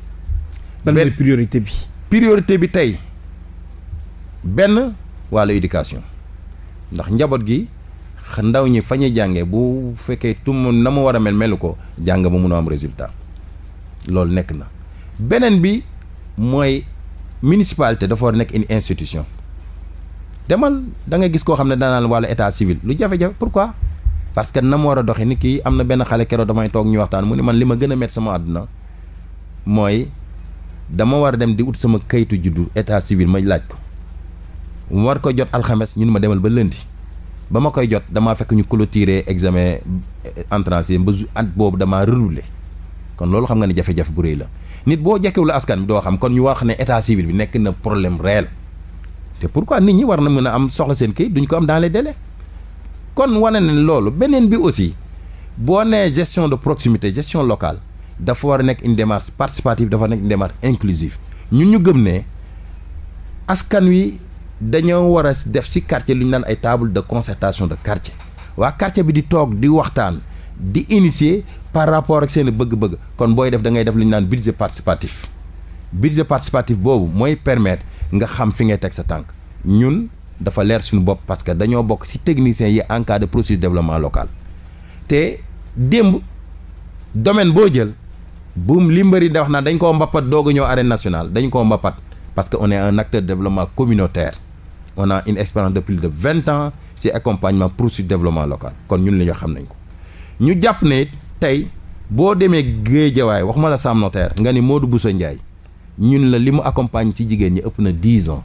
ban mooy priorité bi. priorité bi tey benn wàllu éducation ndax njaboot gi. ndaw ñi fa ñuy jàngee bu fekkee tum na mu war a mel melu ko jàng ba mun am résultat loolu nekk na beneen bi mooy municipalité dafa war nekk une institution demal da nga gis koo xam ne daanaan wàllu état civil lu jafe-jafe pourquoi parce que na mu war a doxee nit kii am na benn xale keroog damay toog ñu waxtaan mu ne man li ma gën a métti sama àdduna mooy dama war a dem di ut sama kayitu juddu état civil ma laaj ko mu war ko jot alxames ñun ma demal ba lëndi ba ma koy jot damaa fekk ñu clôturer examen entrance yi ba at boobu damaa redoubler kon loolu xam nga ne jafe-jafe bu rëy la nit boo jekkewul askan bi doo xam kon ñu wax ne état civil bi nekk na problème réel te pourquoi nit ñi war na mën a am soxla seen kayit duñu ko am dans les kon wane ne loolu beneen bi aussi boo nee gestion de proximité gestion locale dafa war a nekk une démarche participative dafa nekk une démarche inclusive ñun ñu gëm ne askan wi. dañoo war a def ci quartier lu ñu naan ay table de concertation de quartier waa quartier bi di toog di waxtaan di initier par rapport ak seen bëgg-bëgg kon booy def da ngay def lu ñu naan budget participatif budget participatif boobu mooy permettre nga xam fi nga teg sa tànk ñun dafa leer suñu bopp parce que dañoo bokk ci techniciens yi en cas de processus de local te démb domaine boo jël buum li mbëri da wax naa dañ koo mbappat doog a ñëw arène nationale dañ koo mbappat parce que on est un acteur de développement on a une expérience de plus de vingt ans ci accompagnement poursuite développement local kon ñun li ñu xam nañ ko ñu jàpp ne tey boo demee Géejawaay wax ma la Sam Notaire nga ni Modou Bousso Ndiaye ñun la li mu accompagne ci jigéen ñi ëpp na dix ans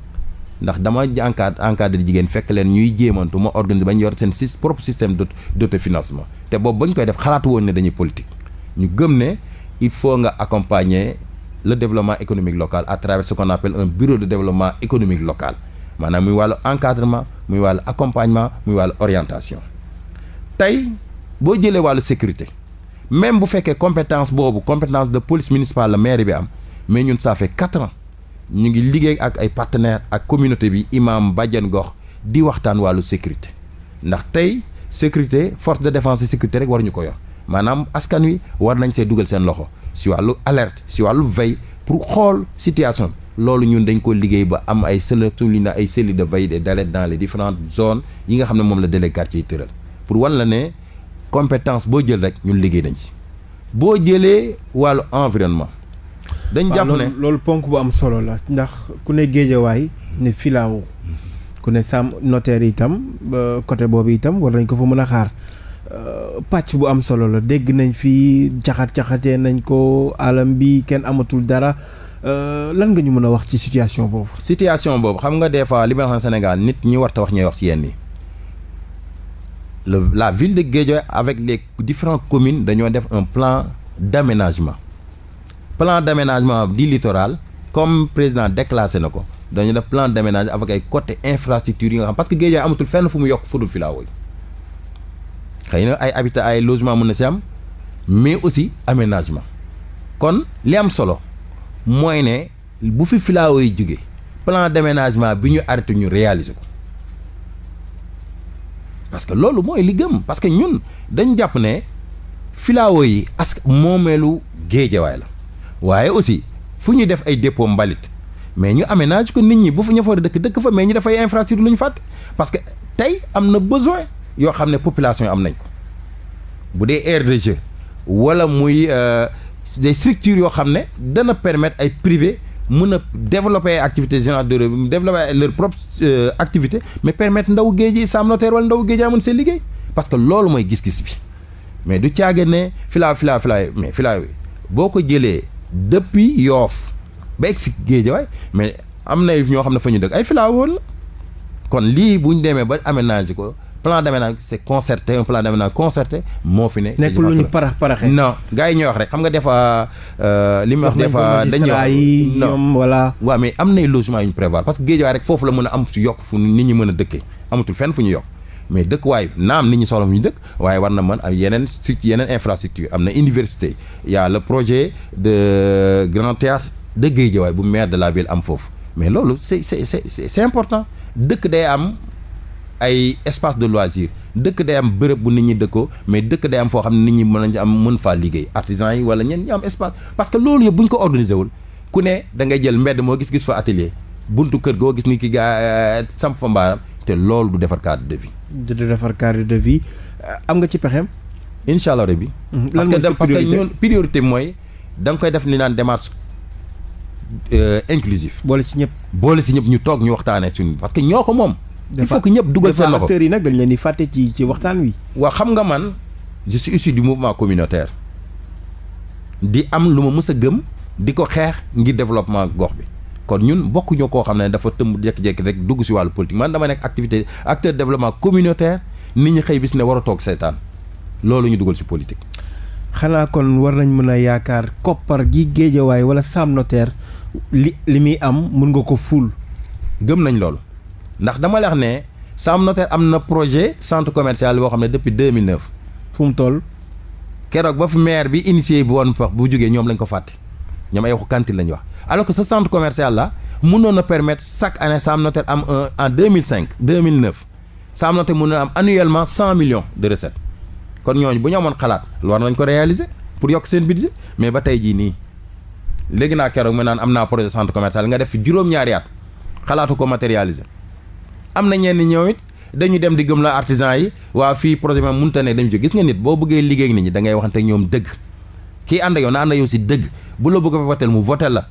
ndax dama encadre encadre jigéen fekk leen ñuy jéemantu ma ba ñu yor seen six propre système d' financement te boobu bañ koy def xalaatu woon ne dañuy politique ñu gëm ne il faut nga accompagner le développement économique local à travers ce qu'on appelle un bureau local maanaam muy wàllu encadrement muy wàllu accompagnement muy wàllu orientation tey boo jëlee wàllu sécurité même bu fekkee compétence boobu compétence de police municipale la mairie bi am mais ñun ça fait quatre ans ñu ngi liggéey ak ay partenaires ak communauté bi imam bajjan gox di waxtaan wàllu sécurité ndax tey sécurité force de défense et sécurité rek waruñu ko yor maanaam askan wi war nañ see dugal seen loxo si wàllu alerte si wàllu veille pour xool situation bi loolu ñun dañ ko liggéey ba am ay cellule suñu na ay cellules de veille et d'alerte dans les différentes zones yi nga xam ne moom la délégué quartier yi tëral pour wan la ne compétence boo jël rek ñun liggéey nañ si boo jëlee wàllu environnement. dañ jàpp ne loolu ponk bu am solo la ndax ku ne géejawaay ne filaaw ku ne sam notaire itam côté boobu itam war nañ ko fa mën a xaar euh, pàcc bu am solo la dégg nañ fi jaxat jaxatee nañ ko alam bi kenn amatul dara. Euh, lan nga ñu mën a wax ci situation boobu. situation boobu xam nga des fois li ma wax Sénégal nit ñi war ta wax ñooy wax ci yenn yi le la ville de Guédiawaye avec les différentes communes dañoo def un plan d'aménagement plan d'aménagement du littoral comme président déclassé na ko dañoo def plan d'aménagement avec ay côté infrastructure yi nga xam parce que Guédiawaye amatul fenn fu mu yokk fudul filaawo yi xëy na ay habitat ay logement mën na si am mais aussi aménagement kon li am solo. mooy ne bu fi filaawo yi jóge plan d'aménagement bi ñu arrêté ñu réaliser ko parce que loolu mooy li gëm parce que ñun dañ jàpp ne filaawo yi ask moomeelu géejawaay la waaye aussi fu ñu def ay dépôt mbalit mais ñu aménage ko nit ñi bu fa dëkk dëkk fa mais ñu def ay infrastructure lu ñu parce que tey am na besoin yoo xam ne population am nañ ko bu dee aire de jeu wala muy euh, des structures yoo xam ne dana permettre ay privé mën a développer activité générateur bi développer leur propre euh, activité mais permettre ndaw géej yi sam notaire wala ndaw géej amun seen liggéey parce que loolu mooy gis-gis bi mais du caage ne filaa filaa filaa mais filaa boo ko jëlee depuis yoof ba egg si géejawaay mais am na ñoo xam ne fa ñu dëkk ay filaa woon kon lii bu ñu demee ba aménagé ko plan deme c'est concerté un plan d'aménagement concerté moo fi ne. nekkul lu ñu parax paraxee. non gars yi ñoo wax rek xam nga des fois euh, li ma wax des fois dañu wax ñoom voilà. waaw mais am nay logement yu ñu prévoir parce que géejawaay rek foofu la mën am su yokk fu nit ñi mën a dëkkee amatul fenn fu ñu yokk. mais dëkkuwaay naam nit ñi soxla fu ñu dëkk waaye war na mën am yeneen su yeneen infrastructure am na université y a le projet de grand théâtre de Guédiawaye bu maire de la ville am foofu mais loolu c'est c'est c'est important dëkk day am ay espace de loisir dëkk day am bërëb bu nit ñi dëkkoo mais dëkk day am foo xam ne nit ñi mën nañu am mën faa liggéey artisan yi wala ñenn ñi am espace parce que loolu yëpp bu ñu ko organisé wul ku ne da ngay jël mbedd moo gis gis fa atelier buntu kër goo gis ni ki gaa euh, samp fa mbaaram te loolu du defar cadre de vie. du defar cadre de vie euh, am nga ci pexeem. incha allah rabbi. Mm-hmm. lan mooy parce que ñun priorité mooy da koy def ni naan démarche. Euh, inclusive boole ci ñëpp. boole ci ñëpp ñu toog ñu waxtaanee suñu parce que ñoo ko moom. il faut que ñëpp dugal seen loxo acteurs nag dañ leen di fàtte ci ci waxtaan wi. waaw xam nga man je suis issu du mouvement communautaire di am lu ma mës a gëm di ko xeex ngir développement gox bi kon ñun bokkuñoo koo xam ne dafa tëmb jékki-jékki rek dugg si wàllu politique man dama nekk activité acteur développement communautaire nit ñi xëy bis ne war a toog seetaan loolu ñu dugal ci politique. xanaa kon war nañ mën a yaakaar koppar gi géejawaay wala Sam Notaire li li muy am mun nga ko ful. gëm nañ loolu. ndax dama leex ne Sam Notaire am na projet centre commercial boo xam ne depuis 2009. fu mu toll. keroog ba fu maire bi initié bu woon fax bu jógee ñoom lañ ko fàtte ñoom ay waxu cantine la ñu wax alors que ce centre commercial là mënoon na permettre chaque année Sam Notaire am un en 2005 2009 Sam Notaire mënoon am annuellement 100 millions de recettes kon ñooñu bu ñu amoon xalaat war nañ ko réaliser pour yokk seen budget mais ba tey jii nii léegi naa keroog mu naan am naa projet centre commercial nga def fi juróom xalaatu ko matérialiser. am na ñenn ñoom it dañu dem di gëm la artisan yi waa fii projet bi mënut a ne dem ci gis nga nit boo bëggee liggéey ak nit ñi da waxante ñoom dëgg ki ànd ak yow na ànd ak si dëgg bu la bëgg a votel mu votel la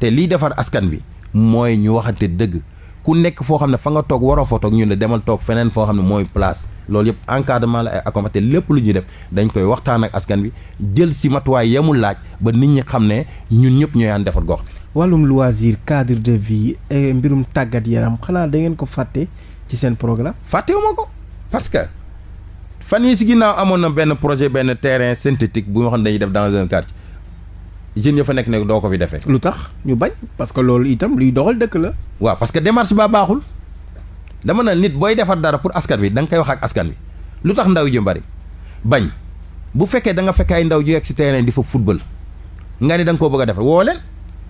te liy defar askan bi mooy ñu waxante dëgg ku nekk foo xam ne fa nga toog waroo fa toog ñu ne demal toog feneen foo xam ne mooy place loolu yëpp encadrement la ay accompagnement lépp lu ñuy def dañ koy waxtaan ak askan bi jël si matuwaay yemul laaj ba nit ñi xam ne ñun ñëpp ñooy ànd defar gox wàllum loisir cadre de vie et eh, mbirum tàggat yaram xanaa da ngeen ko fàtte ci seen programme. fàttewuma ko parce que fan yii si ginnaaw amoon na benn projet benn terrain synthétique bu nga xam ne dañuy def dans un quartier jeunes ya fa nekk ne doo ko fi defee. lu tax ñu bañ parce que loolu itam luy doxal dëkk la. waaw parce que démarche baa baaxul dama ne nit booy defar dara pour askan bi da nga koy wax ak askan bi lu tax ndaw ji bari bañ bu fekkee da nga fekk ay ndaw ji yegg si terrain di fa football nga ne koo bëgg a defar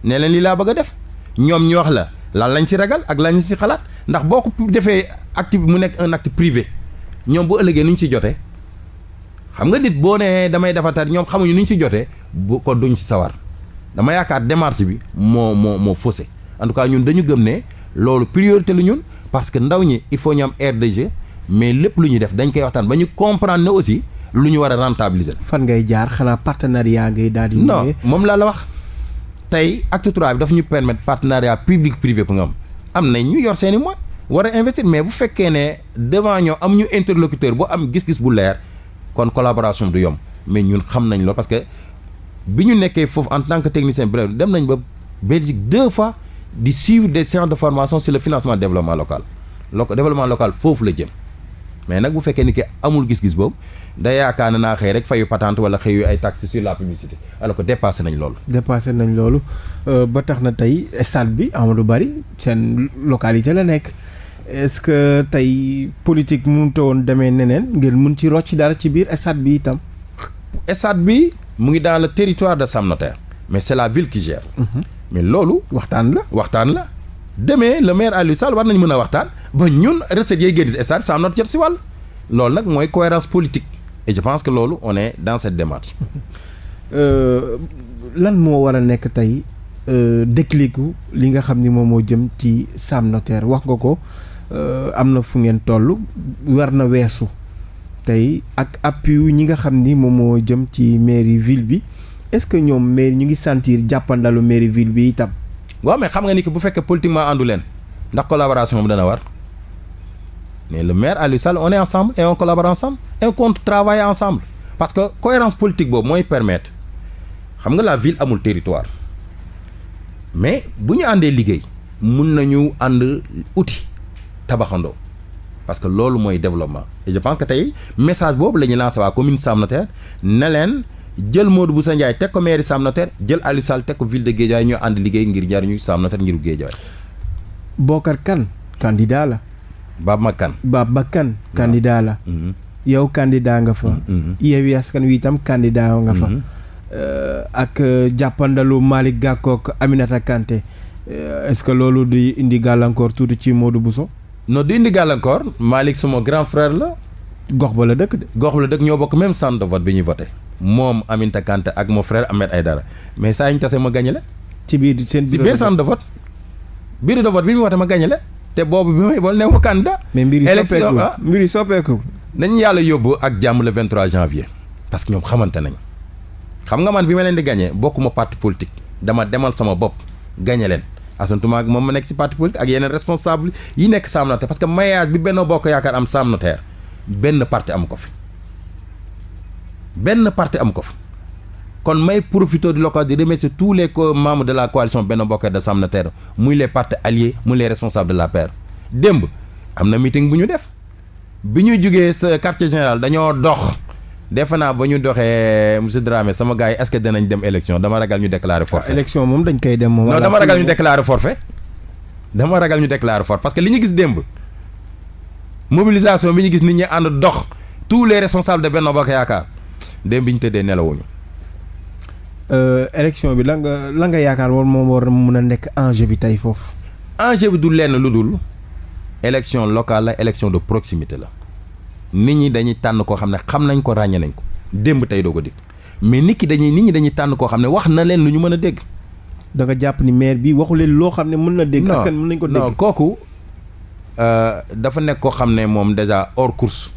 ne leen lii laa bëgg def ñoom ñu wax la lan lañ si ragal ak lañ si xalaat ndax boo ko defee acte mu nekk un acte privé ñoom bu ëllëgee nu ñu si jote xam nga nit boo nee damay defatar ñoom xamuñu nu ñu si jotee bu ko duñ si sawar dama yaakaar démarche bi moo moo moo faussé en tout cas ñun dañu gëm ne loolu priorité lu ñun parce que ndaw ñi il faut ñu am aire de jeu mais lépp lu ñu def dañ koy waxtaan ba ñu comprendre ne aussi lu ñu war a rentabiliser. fan ngay jaar xanaa partenariat ngay daal di. non moom laa la wax. tey acte trois bi daf ñu permettre partenariat public privé bu nga am am nañ ñu yor seen i moyens war a investir mais bu fekkee ne devant ñoo am ñu interlocuteur bu am gis-gis bu leer kon collaboration du yomb mais ñun xam nañ loolu parce que bi ñu nekkee foofu en tant que technicien bi dem nañ ba Belgique deux fa di suivre des séances de formation sur le financement développement local lo développement local foofu la jëm mais nag bu fekkee ni que amul gis-gis boobu day yaakaar naa xëy rek fayu patente wala xëyu ay taxes sur la publicité alors que dépassé nañ loolu. dépassé nañ loolu euh, ba tax na tey stade bi lu Barry seen localité la nekk est-ce que tey politique mënut woon demee neneen ngeen mun ci rocc dara ci biir stade bi itam. stade bi mu ngi dans le territoire de Sam Notaire mais c'est la ville qui gère. Mhm. mais loolu. waxtaan la waxtaan la. demee le maire Aliou Sall war nañ mën a waxtaan ba ñun recettes yay génn si stade Sam Notaire si wàll loolu nag mooy cohérence politique. et je pense que loolu on est dans cette démarche. Euh, lan moo war a nekk tey euh, déclicu li nga xam ni moom moo jëm ci Sam Notaire wax nga ko euh, am na fu ngeen toll war na weesu tey ak appui ñi nga xam ni moom moo jëm ci mairie ville bi est-ce que ñoom mairie ñu ngi sentir jàppandalu mairie ville bi itam. waaw mais xam nga ni ko bu fekkee politiquement àndu leen ndax collaboration moom dana war. mais le maire Aliou Sall on est ensemble et on collabore ensemble et on compte travailler ensemble parce que cohérence politique boobu mooy permettre xam nga la ville amul territoire mais bu ñu àndee liggéey mun nañu ànd outil tabaxandoo parce que loolu mooy développement et je pense que tey message boobu la ñuy lancé waa commune Sam Notaire ne leen jël Modou Boussa Ndiaye teg ko mairie Sam Notaire jël Aliou Sall teg ko ville de Guédiawaye ñoo ànd liggéey ngir njariñu Sam Notaire ngir Guédiawaye Bokar Kane candidat la Bab Makan ba Makan candidat la mm-hmm. yow candidat nga fa mm-hmm. Yewwi Askan Wi itam candidat nga fa mm-hmm. euh, ak euh, jàppandalu Malick Gakou ak Aminata Kanté euh, est-ce que loolu di indi gàllankoor tuuti ci Modou Bousso non du indi gàllankoor Malick sama grand frère la gox ba la dëkk de gox ba la dëkk ñoo bokk même sant de bi ñuy voté moom Aminata Kanté ak mon frère ay Aïdara mais saa ñu tase ma gagné la ci biir seen biir centre de vote biir de vote bi ñu wote ma gagné la te boobu bi may bool ne ma candidat mais mbir yi soppeeku ah. mbir yi soppeeku nañu yàlla yóbbu ak jàmm le 23 janvier parce que ñoom xamante nañ xam nga man bi ma leen di gañee bokkuma parti politique dama demal sama bopp gagné leen asantuma ak moom ma nekk ci parti politique ak yeneen responsable yi nekk Sam Notaire parce que maillage bi benn Bokk Yaakaar am Sam Notaire benn parti am ko fi benn parti am ko fi kon may profité de l'occasion di remercier tous les membres de la coalition Benno Bokk Yaakaar de Sam Notaire muy les partis alliés muy les responsables de l'APR démb am na meeting bu ñu def bi ñu jugee sa quartier général dañoo dox defe naa ba ñu doxee monsieur Dramé sama gars yi est-ce que danañ dem élection dama ragal ñu déclarer forfait. Ah, élection moom dañ koy dem. non dama ragal ñu déclarer forfait dama ragal ñu déclarer forfait parce que li ñu gis démb mobilisation bi ñu gis nit ñu ànd dox tout les responsables de Benno Bokk Yaakaar dem bi ñu tëddee nelawuñu Euh, élection bi la nga la nga yaakaar woon moom war mun a nekk enjeu bi tey foofu. enjeu bi du lenn lu dul. élection locale la election de proximité la. nit ñi dañuy tànn koo xam ne xam nañ ko ràññee nañ ko. démb tey doo ko dégg mais nit ki dañuy nit ñi dañuy tànn koo xam ne wax na leen lu ñu mën a dégg. da nga jàpp ni maire bi waxu leen loo xam ne mën na dégg. askan nañ ko dégg non kooku euh, dafa nekk koo xam ne moom déjà hors course.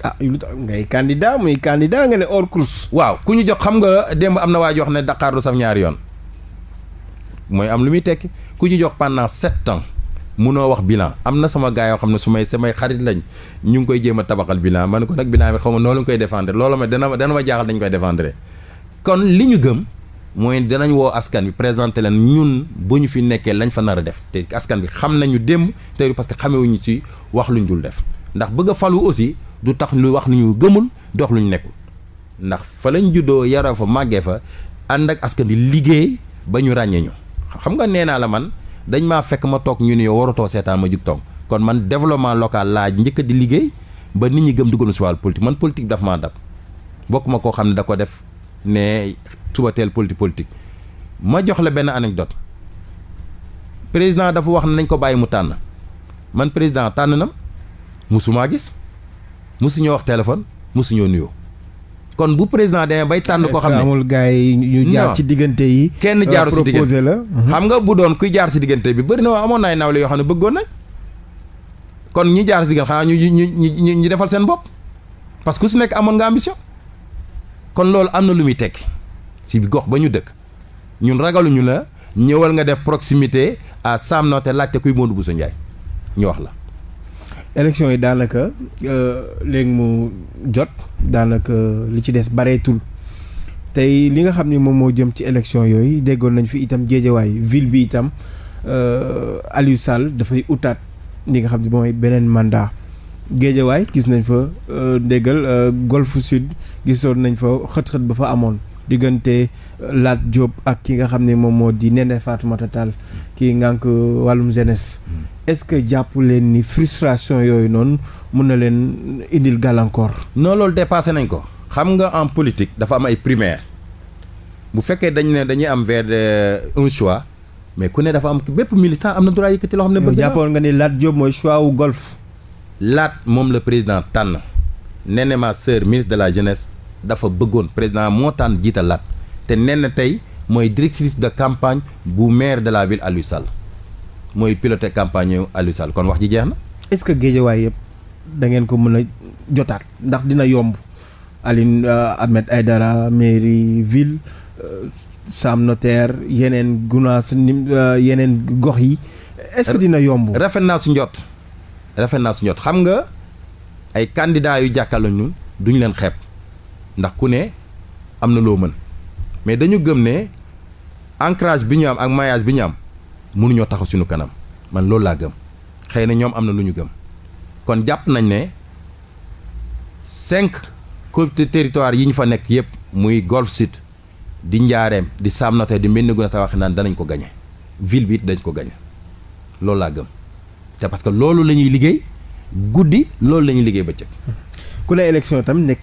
ah lu tax ngay candidat muy candidat nga ne or course. waaw ku ñu jox xam nga démb am na waa jox ne Dakar du saf ñaari yoon mooy am lu muy tekki ku ñu jox pendant sept ans munoo wax bilan am na sama gars yoo xam ne su may samay xarit lañ ñu ngi koy jéem a tabaxal bilan man ko nag bilan bi xaw ma noo koy défendre loolu ma dana dana ma jaaxal dañ koy défendre kon li ñu gëm. mooy danañ woo askan bi présenté leen ñun bu ñu fi nekkee lañ fa nar a def te askan bi xam nañu démb tey parce que xamewuñu ci wax luñ dul def ndax bëgg falu aussi du tax lu wax lu ñu gëmul dox lu ñu nekkul ndax fa lañ juddoo yara fa màggee fa ànd ak askan wi liggéey ba ñu ràññee ñu xam nga nee naa la man dañ maa fekk ma toog ñu ne yow waratoo seetaan ma jug toog kon man développement local laaj njëkk di liggéey ba nit ñi gëm dugal si wàllu politique man politique daf maa dab bokk ma koo xam ne da ko def ne suba teel politique politique ma jox la benn anecdote président dafa wax ne nañ ko bàyyi mu tànn man président tànn na musumaa gis mosuñoo wax téléphone mosuñoo nuyoo kon bu président demee bay tànn koo xam ne amul gars yi ñu jaar ci diggante yi. kenn euh, jaaru si diggante la mhm. xam nga bu doon kuy jaar si diggante bi bëri na waa amoon na ay nawle yoo xam ne bëggoon nañ kon ñi jaar si diggante xanaa ñu ñu ñu ñu defal seen bopp parce que si nekk amoon nga ambition. kon loolu am na lu muy tekki si gox ba ñu dëkk ñun ragaluñu la ñëwal nga def proximité à Sam Noté laajte kuy Modou Bousso Ndiaye ñu wax la. élection yi daanaka euh, léegi mu jot daanaka li ci des bareetul tey li nga xam ni moom moo jëm ci élection yooyu déggoon nañ fi itam géejawaay ville bi itam euh, Aliou Sall dafay utaat li nga xam ne mooy beneen mandat géejawaay gis nañ fa euh, déggal Golf Sud gisoon nañ fa xët-xët ba fa amoon diggante laat Diop ak ki nga xam ne moom moo di Néné Fatoumata Tall kii ngànk wàllum jeunesse hmm. est-ce que jàpp leen ni frustration yooyu noonu mun na leen indil gàllankoor. non loolu dépassé nañ ko. xam nga en politique dafa am ay primaire bu fekkee dañu ne dañuy am vers un choix mais ku ne dafa am bépp militant am na droit yëkkati loo xam ne. bëgg naa jàppoon nga ni laat Diop mooy choix wu golf. laat moom la président tànn. Néné ma sœur ministre de la jeunesse. dafa bëggoon président moo tànn jiitalaat te nen na tey mooy directrice de campagne bu maire de la ville Aliou Sall mooy piloté campagne yu Aliou Sall kon wax ji jeex na. est-ce que géejewaay yëpp da ngeen ko mën a jotaat ndax dina yomb Aline euh, Ahmed Aidara mairie ville euh, Sam Notaire yeneen gunaas nim euh, yeneen gox yi. est-ce dina yomb. rafet naa su njot rafet naa su njot xam nga ay candidats yu jàkkaarloo ñu duñu leen xep ndax ku ne am na loo mën mais dañu gëm ne ancrage bi ñu am ak mayage bi ñu am mënuñoo taxaw suñu kanam man loolu laa gëm xëy na ñoom am na lu ñu gëm kon jàpp nañ ne cinq collectivités territoire yi ñu fa nekk yëpp muy Golf Sud di Njaareem di Sam Notaire di Médina Guinguinéo danañ ko gañe ville bi it dañ ko gañe loolu laa gëm te parce que loolu lañuy liggéey guddi loolu la ñuy liggéey bëccëg ku ne élection tamit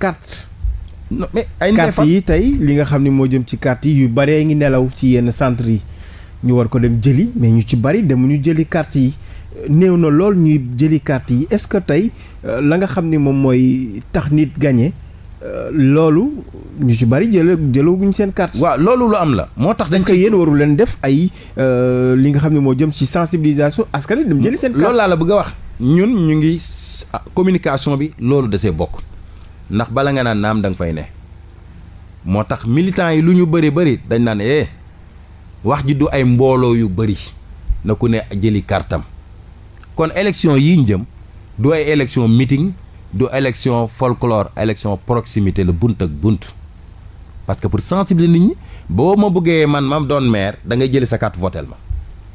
non ay carte yi tey li nga xam ni moo jëm ci carte yu baree ngi nelaw ci yenn centre yi ñu war ko dem jëli mais ñu ci bëri dem ñu jëli carte yi néew na lool ñuy jëli carte yi est-ce que tey euh, la nga xam ne moom mooy tax nit gagné euh, loolu ñu ci bëri jële seen carte. waaw loolu lu am la moo tax. dañ ko yéen waru leen def ay euh, li nga xam ne moo jëm ci sensibilisation askan wi dem jëli seen. carte loolu laa la bëgg a wax ñun ñu ngi communication bi loolu desee bokk. ndax bala nga naan naam danga nga fay ne moo tax militants yi lu ñu bëri bëri dañ naan eh wax ji du ay mbooloo yu bëri na ku ne jëli kartam kon élection yi ñu jëm du ay élection mitin du élection folklore élection proximité la bunt ak bunt parce que pour sensibiliser nit ñi boo ma bëggee man mam doon maire da ngay jëli sa carte votel ma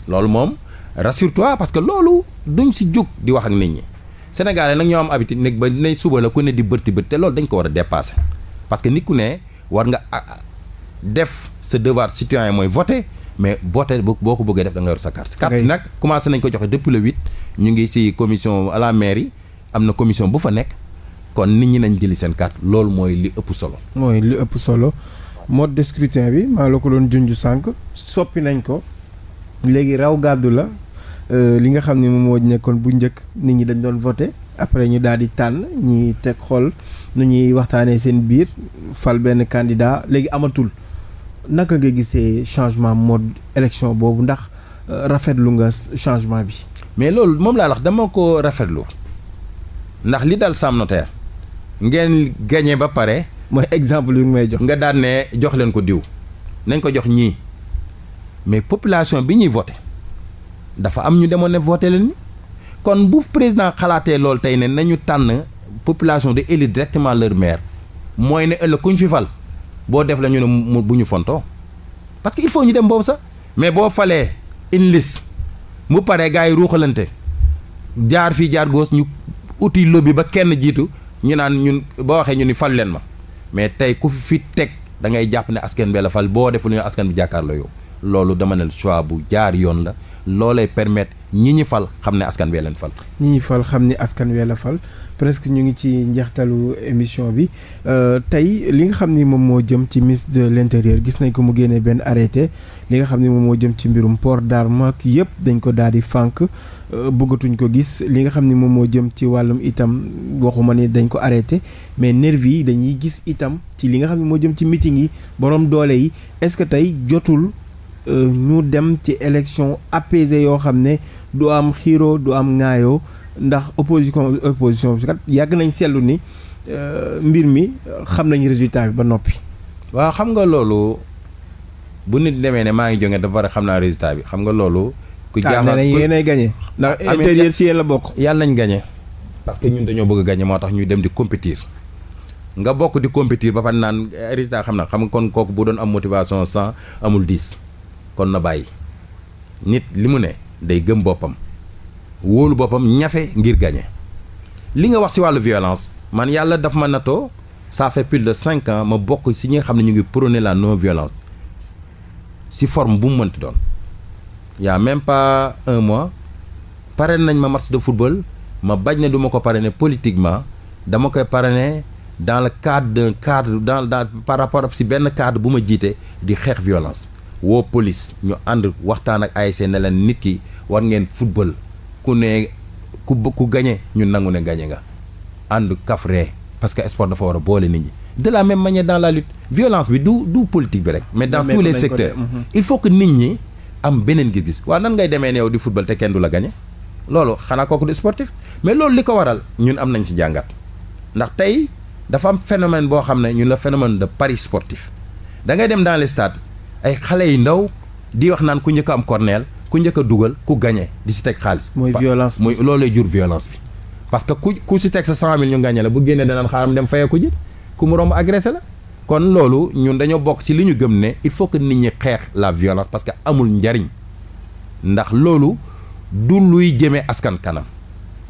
loolu moom rassure-toi parce que loolu duñu si jóg di wax ak nit ñi Sénégalais nag ñoo am abiti nekk ba ne suba la ku ne di bërti bërti te loolu dañ ko war a dépasser parce que nit ku ne war nga ah, def sa devoir citoyen mooy voter mais voter boo ko bëggee def da nga sa carte. carte nag commencé nañ ko joxe depuis le huit ñu ngi si commission à la mairie am na commission bu fa nekk kon nit ñi nañ jëli seen carte loolu mooy li ëpp solo. mooy li ëpp solo mode de bi maa la ko doon junj sànq soppi nañ ko léegi raw gàddu la. Euh, li nga xam ne moom moo nekkoon bu njëkk nit ñi dañ doon voté après ñu daal di tànn ñi teg xool nu ñuy waxtaanee seen biir fal benn candidat léegi amatul naka nga gisee changement mode élection boobu ndax euh, rafetlu nga changement bi. mais loolu moom laa wax dama ko rafetlu ndax li dal Sam Notaire ngeen gagné ba pare. mooy exemple yu may jox. nga daan ne jox leen ko diw nañ ko jox ñii mais population bi ñuy voté. dafa am ñu demoon ne voté leen kon bu président xalaatee lool tey ne nañu tànn population de élire directement leur maire mooy ne ëllëg ku ñu fi fal boo def la ñu ne bu ñu fontoo parce que il faut ñu dem boobu sax mais boo falee une liste mu paree gars yi ruuxalante jaar fii jaar góos ñu uti lobby ba kenn jiitu ñu naan ñun boo waxee ñu ni fal leen ma mais tey ku fi teg da ngay jàpp ne askan bi la fal boo deful ñu askan bi jàkkaarloo yoo loolu dama ne choix bu jaar yoon la loolee permettre ñi ñi fal xam ne askan wee leen fal. ñi ñi fal xam ni askan wee la fal presque ñu ngi ci njeextalu émission bi euh, tey li nga xam ni moom moo jëm ci ministre de l'intérieur gis nañ ko mu génne benn arrêté li nga xam ni moom moo jëm ci mbirum port d'arme ak yëpp dañ ko daal di fànk euh, bëggatuñ ko gis li nga xam ni moom moo jëm ci wàllum itam waxuma ni dañ ko arrêté mais nervi yi dañuy gis itam ci li nga xam ni moo jëm ci meeting yi borom doole yi est-ce que tey jotul. ñu dem ci élection apaisée yoo xam ne du am xiiro du am ŋaayoo ndax opposition opposition bi yàgg nañ seetlu ni euh, mbir mi euh, xam nañ résultat bi ba noppi. waaw xam nga loolu bu nit demee ne maa ngi jóge dafa war a xam naa résultat bi xam nga loolu. ku ah, jaaxal ku yéenay gagné ndax ah, intérieur si yéen la bokk. yàlla nañ gañe parce que ñun dañoo bëgg a gagné moo tax ñuy dem di compétir. nga bokk di compétir ba fan naan résultat xam na xam nga kon kooku bu doon am motivation cent amul dix. kon na bàyyi nit li mu ne day gëm boppam wóolu boppam ñafe ngir gañe li nga wax ci wàllu violence man yàlla daf ma natoo ça fait de cinq ans ma bokk ci ñu nga xam ne ñu ngi prôner la non violence ci forme bu mu mënti doon y'a même pas un mois pare nañ ma match de football ma bañ ne duma ko ko ne politiquement dama koy parrainer dans le cadre d'un cadre daal dans par rapport ci benn cadre bu ma jiite di xeex violence woo police ñu ànd waxtaan ak ASC ne la nit ki war ngeen football ku ne ku ku gañe ñu nangu ne gañe nga ànd kaf ree parce que sport dafa war a boole nit ñi de la même manière dans la lutte violence bi du du politique bi rek mais dans tous les secteurs mhm. il faut que nit ñi am beneen gis-gis waaw nan ngay demee ne yow di football te kenn du la gañe loolu xanaa kooku du sportif mais loolu li ko waral ñun am nañ ci jàngat ndax tey dafa am phénomène boo xam ne ñun la phénomène de paris sportif da ngay dem dans les stades ay xale yu ndaw di wax naan ku njëkk am corneel ku njëkk dugal ku gagné di si teg xaalis. mooy violence mooy loolay jur bi. parce que ku ku si teg sa cent mille ñu gagné la bu génnee danaan xaaram dem fayee ko ji ku mu romb agressé la. kon loolu ñun dañoo bokk ci li ñu gëm ne il faut que nit ñi xeex la violence parce que amul njariñ ndax loolu du luy jëmee askan kanam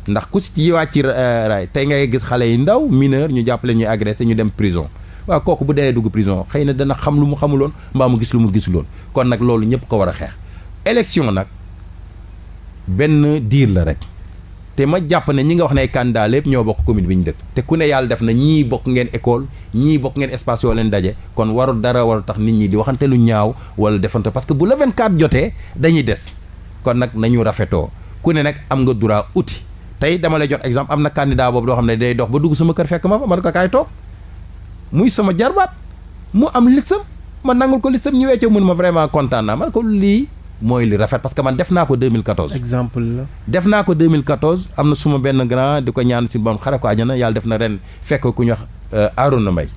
ndax ku ci wàcc euh, raay tey ngay gis xale yi ndaw mineur ñu jàppale ñuy agressé ñu dem prison. waaw kooku bu dee dugg prison xëy na dana xam lu mu xamuloon mbaa mu gis lu mu loon kon nag loolu ñëpp ko war a xeex. élection nag benn diir la rek te ma jàpp ne ñi nga wax ne ay candidat lépp ñoo bokk commune bi ñu dëkk te ku ne yàlla def na ñii bokk ngeen école ñii bokk ngeen espace yoo leen daje kon warul dara warul tax nit ñi di waxante lu ñaaw wala defante parce que bu la 24 jotee dañuy des kon nag nañu rafetoo ku ne nag am nga droit uti tey dama lay jot exemple am na candidat boobu doo xam ne day dox ba dugg sama fekk ma man ko kaay muy sama jarbaat mu am listam ma nangul ko listam ñu weccoo mun ma vraiment kontaan naa man ko lii mooy li rafet parce que man def naa ko 2014. exemple la def naa ko 2014 am na suma benn grand di ko ñaan si moom xare ko àjjana yàlla def na ren fekk ku ñu wax euh, Arouna Mbaye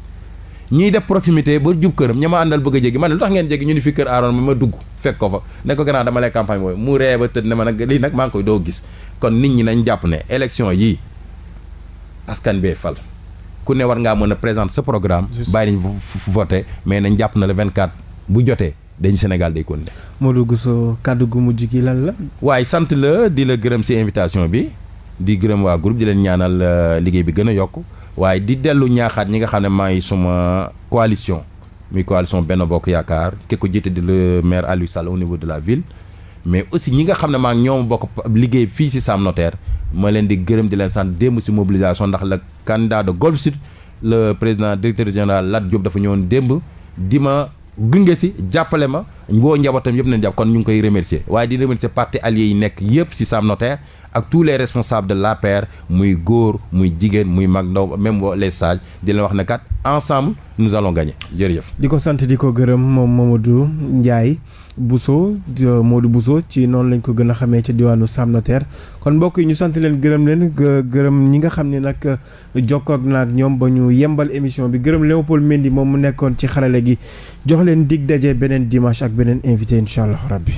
ñuy def proximité ba jub këram ña ma àndal bëgg a jéggi man lu tax ngeen jéggi ñu ni fi kër Arouna ma dugg fekk ko fa ne ko grand dama lay campagne boobu mu ree ba tëdd ne ma nag lii nag maa ngi koy doo gis kon nit ñi nañ jàpp ne élection yii askan bee fal. ku ne war ngaa mën a présent sa programme. bàyyi nañ voté mais nañ jàpp na le 24 bu jotee dañ Sénégal day continuer. Modou Gousso kàddu gu mujj gi lan la. waaye sant la di la gërëm si invitation bi di gërëm waa groupe di leen ñaanal euh, liggéey bi gën a yokk waaye di dellu ñaaxaat ñi nga xam ne maay suma coalition. muy coalition benn Bokk Yaakaar ki ko jiite di le maire Aliou Sall au niveau de la ville. mais aussi ñi nga xam ne maa ngi ñoom bokk liggéey fii si Sam Notaire ma leen di gërëm di leen sant démb si mobilisation ndax le candidat de Golf Sud le président directeur général Lat Diop dafa ñëwoon démb di ma gunge si jàppale ma woo njabootam yëpp nañ jàpp kon ñu ngi koy remercier waaye di remercier parti allié yi nekk yëpp si Sam Notaire ak tous les responsables de l'APR muy góor muy jigéen muy mag ndaw même les sage di leen wax ne kat ensemble nous allons gagner jërëjëf. ko sant di ko gërëm moom Mamadou Ndiaye. moo euh, Modou Bousso ci noonu lañ ko gën a xamee ca diwaanu Sam Notaire kon mbokk yi ñu sant leen gërëm leen gërëm ñi nga xam ne nag euh, jokkoog naag ñoom ba ñu yembal émission bi gërëm Léopold Mendy moom mu nekkoon ci xarale gi jox leen dig daje beneen dimanche ak beneen invité incha allah rabbi